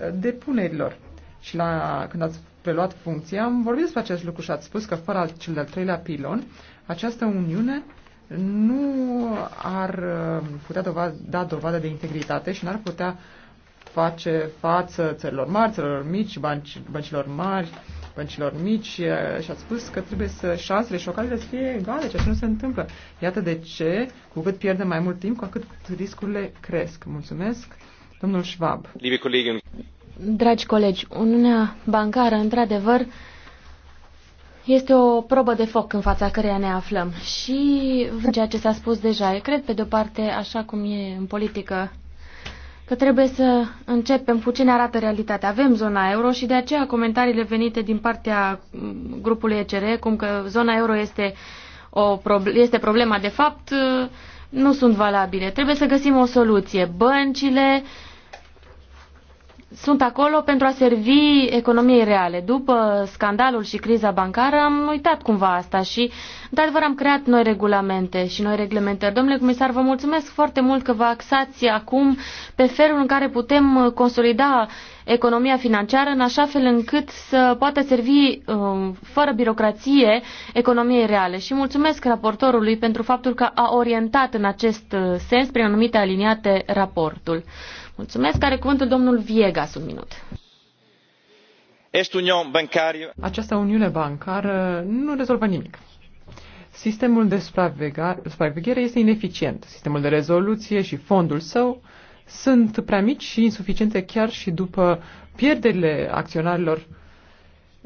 eh, depunerilor. Și la, când ați preluat funcția, am vorbit despre acest lucru și ați spus că fără cel de-al treilea pilon, această uniune nu ar uh, putea dovada, da dovadă de integritate și n-ar putea face față țărilor mari, țărilor mici, bănci, băncilor mari, băncilor mici uh, și ați spus că trebuie să șansele și ocazile să fie egale, ceea ce nu se întâmplă. Iată de ce, cu cât pierdem mai mult timp, cu atât riscurile cresc. Mulțumesc, domnul Schwab. Dragi colegi, Uniunea Bancară, într-adevăr, este o probă de foc în fața căreia ne aflăm. Și ceea ce s-a spus deja, eu cred pe de-o parte, așa cum e în politică, că trebuie să începem cu ce ne arată realitatea. Avem zona euro și de aceea comentariile venite din partea grupului ECR, cum că zona euro este, o proble- este problema de fapt, nu sunt valabile. Trebuie să găsim o soluție. Băncile, uh, sunt acolo pentru a servi economiei reale. După scandalul și criza bancară am uitat cumva asta și, de adevăr, am creat noi regulamente și noi reglementări. Domnule comisar, vă mulțumesc foarte mult că vă axați acum pe felul în care putem consolida economia financiară în așa fel încât să poată servi um, fără birocrație economiei reale. Și mulțumesc raportorului pentru faptul că a orientat în acest uh, sens prin anumite aliniate raportul. Mulțumesc. Are cuvântul domnul Viegas, un minut. Această uniune bancară nu rezolvă nimic. Sistemul de supraveghere este ineficient. Sistemul de rezoluție și fondul său sunt prea mici și insuficiente chiar și după pierderile acționarilor.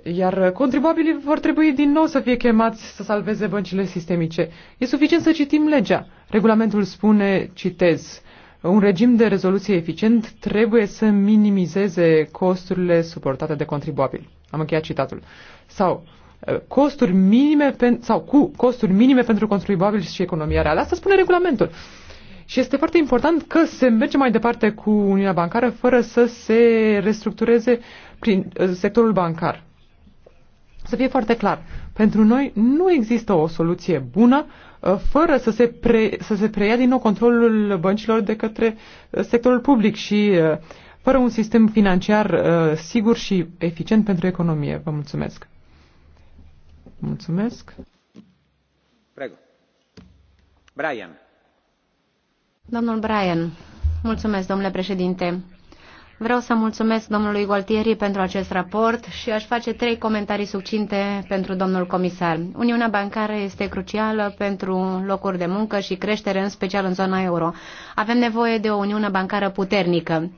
Iar contribuabilii vor trebui din nou să fie chemați să salveze băncile sistemice. E suficient să citim legea. Regulamentul spune, citez, un regim de rezoluție eficient trebuie să minimizeze costurile suportate de contribuabil. Am încheiat citatul. Sau eh, costuri minime pen, sau cu costuri minime pentru contribuabil și economia reală. Asta spune regulamentul. Și este foarte important că se merge mai departe cu Uniunea Bancară fără să se restructureze prin eh, sectorul bancar. Să fie foarte clar, pentru noi nu există o soluție bună Uh, fără să se, pre, să se preia din nou controlul băncilor de către uh, sectorul public și uh, fără un sistem financiar sigur și eficient pentru economie. Vă mulțumesc. Mulțumesc. Prego. Brian. Domnul Brian, mulțumesc, domnule președinte. Vreau să mulțumesc domnului Gualtieri pentru acest raport și aș face trei comentarii succinte pentru domnul comisar. Uniunea bancară este crucială pentru locuri de muncă și creștere, în special în zona euro. Avem nevoie de o uniune bancară puternică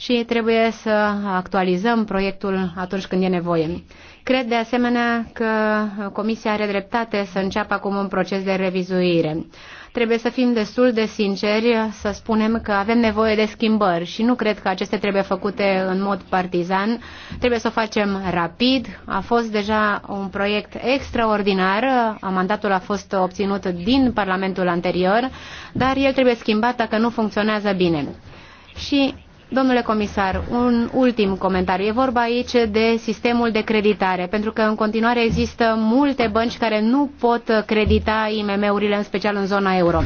și trebuie să actualizăm proiectul atunci când e nevoie. Cred de asemenea că Comisia are dreptate să înceapă acum un proces de revizuire. Trebuie să fim destul de sinceri, să spunem că avem nevoie de schimbări și nu cred că acestea trebuie făcute în mod partizan. Trebuie să o facem rapid. A fost deja un proiect extraordinar, mandatul a fost obținut din Parlamentul anterior, dar el trebuie schimbat dacă nu funcționează bine. Și Domnule comisar, un ultim comentariu. E vorba aici de sistemul de creditare, pentru că în continuare există multe bănci care nu pot credita IMM-urile, în special în zona euro.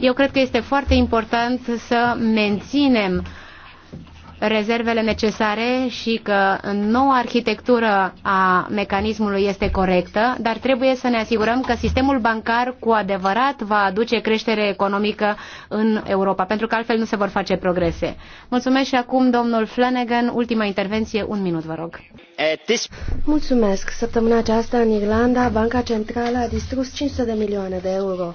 Eu cred că este foarte important să menținem uh, rezervele necesare și că noua arhitectură a mecanismului este corectă, dar trebuie să ne asigurăm că sistemul bancar cu adevărat va aduce creștere economică în Europa, pentru că altfel nu se vor face progrese. Mulțumesc și acum domnul Flanagan, ultima intervenție, un minut vă rog. Mulțumesc. Săptămâna aceasta în Irlanda, Banca Centrală a distrus 500 de milioane de euro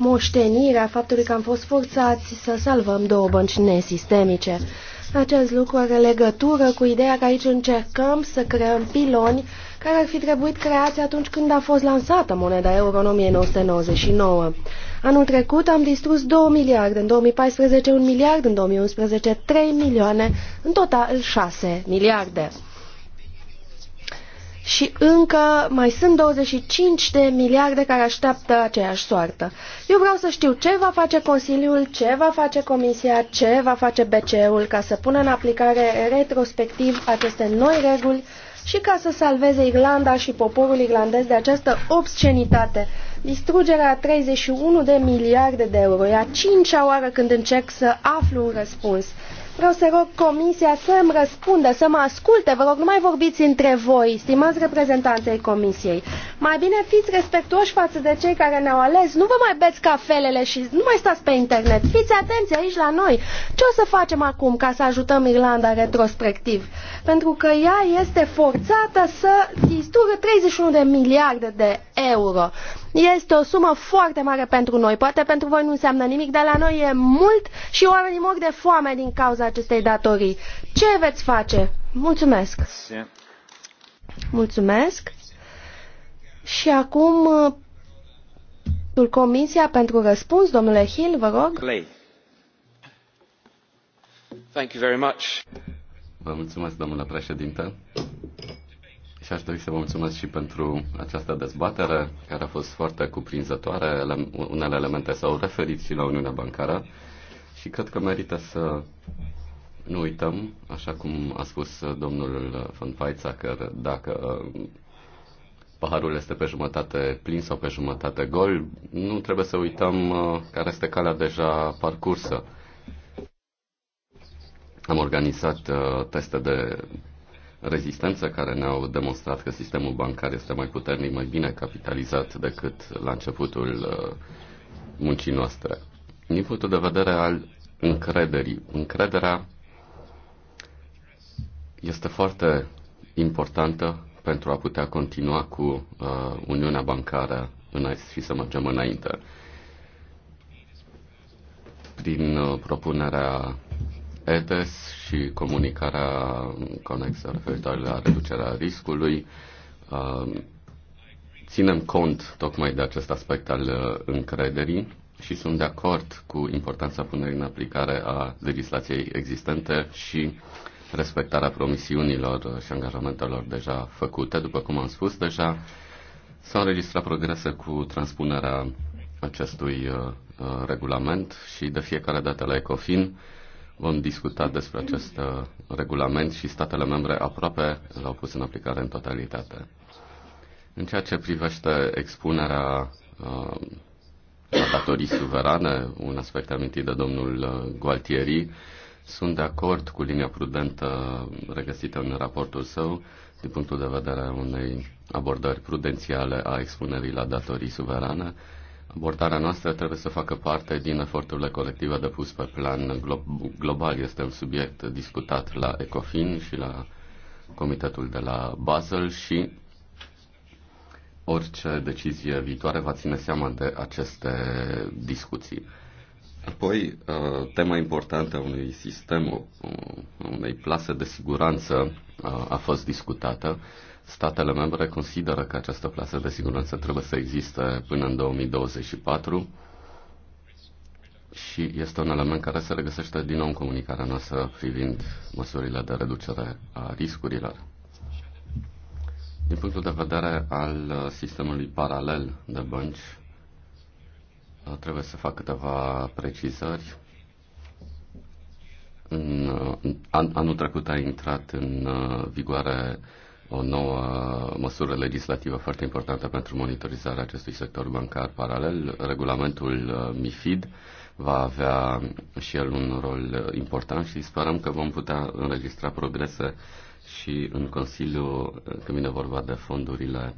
moștenirea faptului că am fost forțați să salvăm două bănci nesistemice. Acest lucru are legătură cu ideea că aici încercăm să creăm piloni care ar fi trebuit creați atunci când a fost lansată moneda euro în 1999. Anul trecut am distrus 2 miliarde, în 2014 1 miliard, în 2011 3 milioane, în total 6 miliarde și încă mai sunt 25 de miliarde care așteaptă aceeași soartă. Eu vreau să știu ce va face Consiliul, ce va face Comisia, ce va face BCE-ul ca să pună în aplicare retrospectiv aceste noi reguli și ca să salveze Irlanda și poporul irlandez de această obscenitate, distrugerea a 31 de miliarde de euro. E a cincea oară când încerc să aflu un răspuns. Vreau să rog Comisia să-mi răspundă, să mă asculte. Vă rog, nu mai vorbiți între voi, stimați reprezentanței Comisiei. Mai bine fiți respectuoși față de cei care ne-au ales. Nu vă mai beți cafelele și nu mai stați pe internet. Fiți atenți aici la noi. Ce o să facem acum ca să ajutăm Irlanda retrospectiv? Pentru că ea este forțată să distrugă 31 de miliarde de euro. Este o sumă foarte mare pentru noi. Poate pentru voi nu înseamnă nimic, dar la noi e mult și oamenii mor de foame din cauza acestei datorii. Ce veți face? Mulțumesc! Mulțumesc! Și acum uh, Comisia pentru răspuns, domnule Hill, vă rog. Vă mulțumesc, domnule președinte. Și aș dori să vă mulțumesc și pentru această dezbatere, care a fost foarte cuprinzătoare. Unele elemente s-au referit și la Uniunea Bancară și cred că merită să nu uităm, așa cum a spus domnul von că dacă uh, paharul este pe jumătate plin sau pe jumătate gol, nu trebuie să uităm uh, care este calea deja parcursă. Am organizat uh, teste de rezistență care ne-au demonstrat că sistemul bancar este mai puternic, mai bine capitalizat decât la începutul uh, muncii noastre. Din punctul de vedere al încrederii, încrederea este foarte importantă pentru a putea continua cu uh, Uniunea Bancară și să mergem înainte. Prin uh, propunerea EDES și comunicarea conexă referitoare la reducerea riscului. Uh, ținem cont tocmai de acest aspect al uh, încrederii și sunt de acord cu importanța punerii în aplicare a legislației existente și respectarea promisiunilor și angajamentelor deja făcute. După cum am spus, deja s-au înregistrat progrese cu transpunerea acestui uh, regulament și de fiecare dată la ECOFIN Vom discuta despre acest uh, regulament și statele membre aproape l-au pus în aplicare în totalitate. În ceea ce privește expunerea uh, datorii suverane, un aspect amintit de domnul uh, Gualtieri, sunt de acord cu linia prudentă regăsită în raportul său din punctul de vedere a unei abordări prudențiale a expunerii la datorii suverane abordarea noastră trebuie să facă parte din eforturile colective de pus pe plan global. Este un subiect discutat la ECOFIN și la Comitetul de la Basel și orice decizie viitoare va ține seama de aceste discuții. Apoi, uh, tema importantă a unui sistem, a unei plase de siguranță uh, a fost discutată. Statele membre consideră că această plasă de siguranță trebuie să existe până în 2024 și este un element care se regăsește din nou în comunicarea noastră privind măsurile de reducere a riscurilor. Din punctul de vedere al uh, sistemului paralel de bănci, Uh, trebuie să fac câteva precizări. În, uh, an, anul trecut a intrat în uh, vigoare o nouă măsură legislativă foarte importantă pentru monitorizarea acestui sector bancar paralel. Regulamentul MIFID va avea și el un rol important și sperăm că vom putea înregistra progrese și în Consiliu când vine vorba de fondurile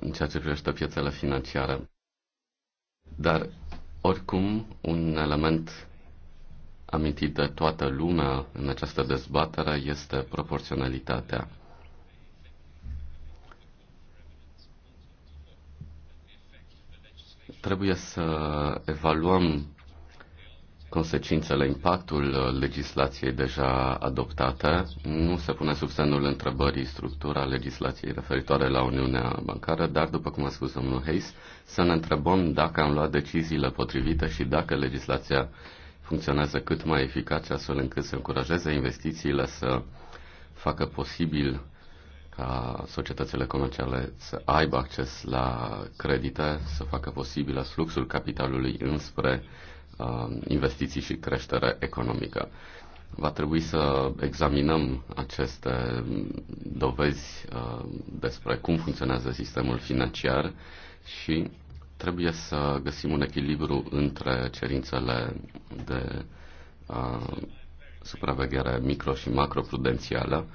în ceea ce privește piețele financiare. Dar, oricum, un element amintit de toată lumea în această dezbatere este proporționalitatea. Trebuie să evaluăm consecințele, impactul uh, legislației deja adoptate. Nu se pune sub semnul întrebării structura legislației referitoare la Uniunea Bancară, dar, după cum a spus domnul Hayes, să ne întrebăm dacă am luat deciziile potrivite și dacă legislația funcționează cât mai eficace, astfel încât să încurajeze investițiile să facă posibil ca societățile comerciale să aibă acces la credite, să facă posibil fluxul capitalului înspre uh, Uh, investiții și creștere economică. Va trebui să examinăm aceste dovezi uh, despre cum funcționează sistemul financiar și trebuie să găsim un echilibru între cerințele de uh, supraveghere micro și macroprudențială.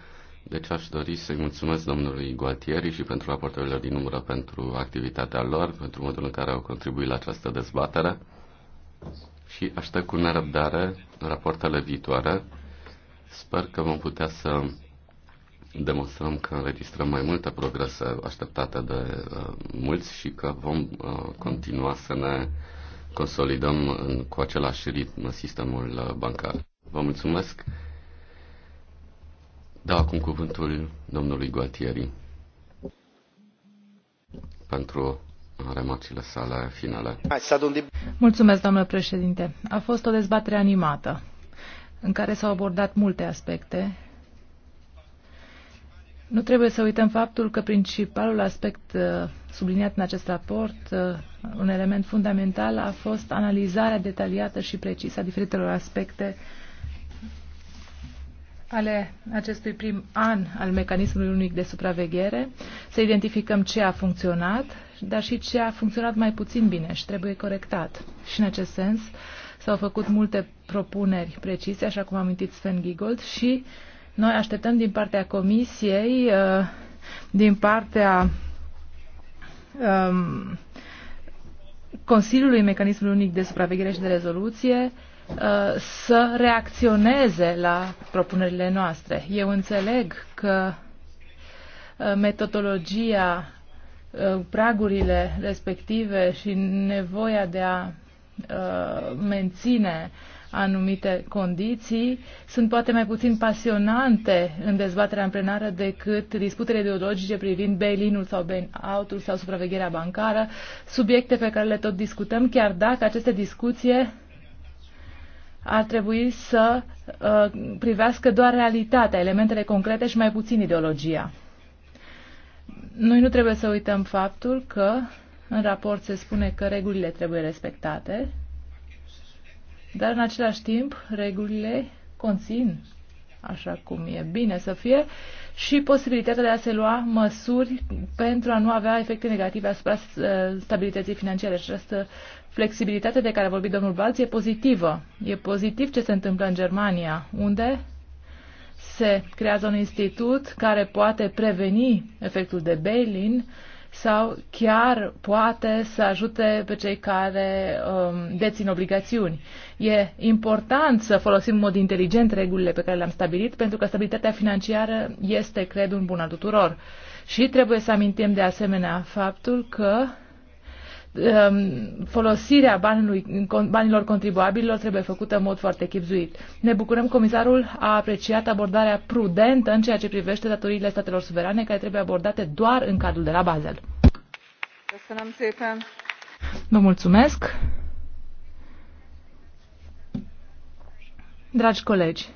Deci aș dori să-i mulțumesc domnului Gualtieri și pentru raportările din umbră pentru activitatea lor, pentru modul în care au contribuit la această dezbatere și aștept cu nerăbdare rapoartele viitoare. Sper că vom putea să demonstrăm că înregistrăm mai multe progrese așteptate de uh, mulți și că vom uh, continua să ne consolidăm în, cu același ritm sistemul uh, bancar. Vă mulțumesc. Da, acum cuvântul domnului Gualtieri pentru remarcile sale finale. Mulțumesc, domnule președinte. A fost o dezbatere animată în care s-au abordat multe aspecte. Nu trebuie să uităm faptul că principalul aspect uh, subliniat în acest raport, uh, un element fundamental, a fost analizarea detaliată și precisă a diferitelor aspecte ale acestui prim an al mecanismului unic de supraveghere, să identificăm ce a funcționat, dar și ce a funcționat mai puțin bine și trebuie corectat. Și în acest sens s-au făcut multe propuneri precise, așa cum a amintit Sven Giegold, și noi așteptăm din partea Comisiei, uh, din partea um, Consiliului Mecanismului Unic de Supraveghere și de Rezoluție, Uh, să reacționeze la propunerile noastre. Eu înțeleg că uh, metodologia, uh, pragurile respective și nevoia de a menține anumite condiții sunt poate mai puțin pasionante în dezbaterea în plenară decât disputele ideologice privind bail-in-ul sau bail-out-ul sau supravegherea bancară, subiecte pe care le tot discutăm, chiar dacă aceste discuții ar trebui să uh, privească doar realitatea, elementele concrete și mai puțin ideologia. Noi nu trebuie să uităm faptul că în raport se spune că regulile trebuie respectate, dar în același timp regulile conțin, așa cum e bine să fie, și posibilitatea de a se lua măsuri pentru a nu avea efecte negative asupra uh, stabilității financiare. Și această flexibilitatea de care a vorbit domnul Balț e pozitivă. E pozitiv ce se întâmplă în Germania, unde se creează un institut care poate preveni efectul de bail-in sau chiar poate să ajute pe cei care um, dețin obligațiuni. E important să folosim în mod inteligent regulile pe care le-am stabilit, pentru că stabilitatea financiară este, cred, un bun al tuturor. Și trebuie să amintim de asemenea faptul că Um, folosirea banului, banilor contribuabililor trebuie făcută în mod foarte chipzuit. Ne bucurăm, comisarul a apreciat abordarea prudentă în ceea ce privește datoriile statelor suverane care trebuie abordate doar în cadrul de la Basel. Vă mulțumesc. Dragi colegi,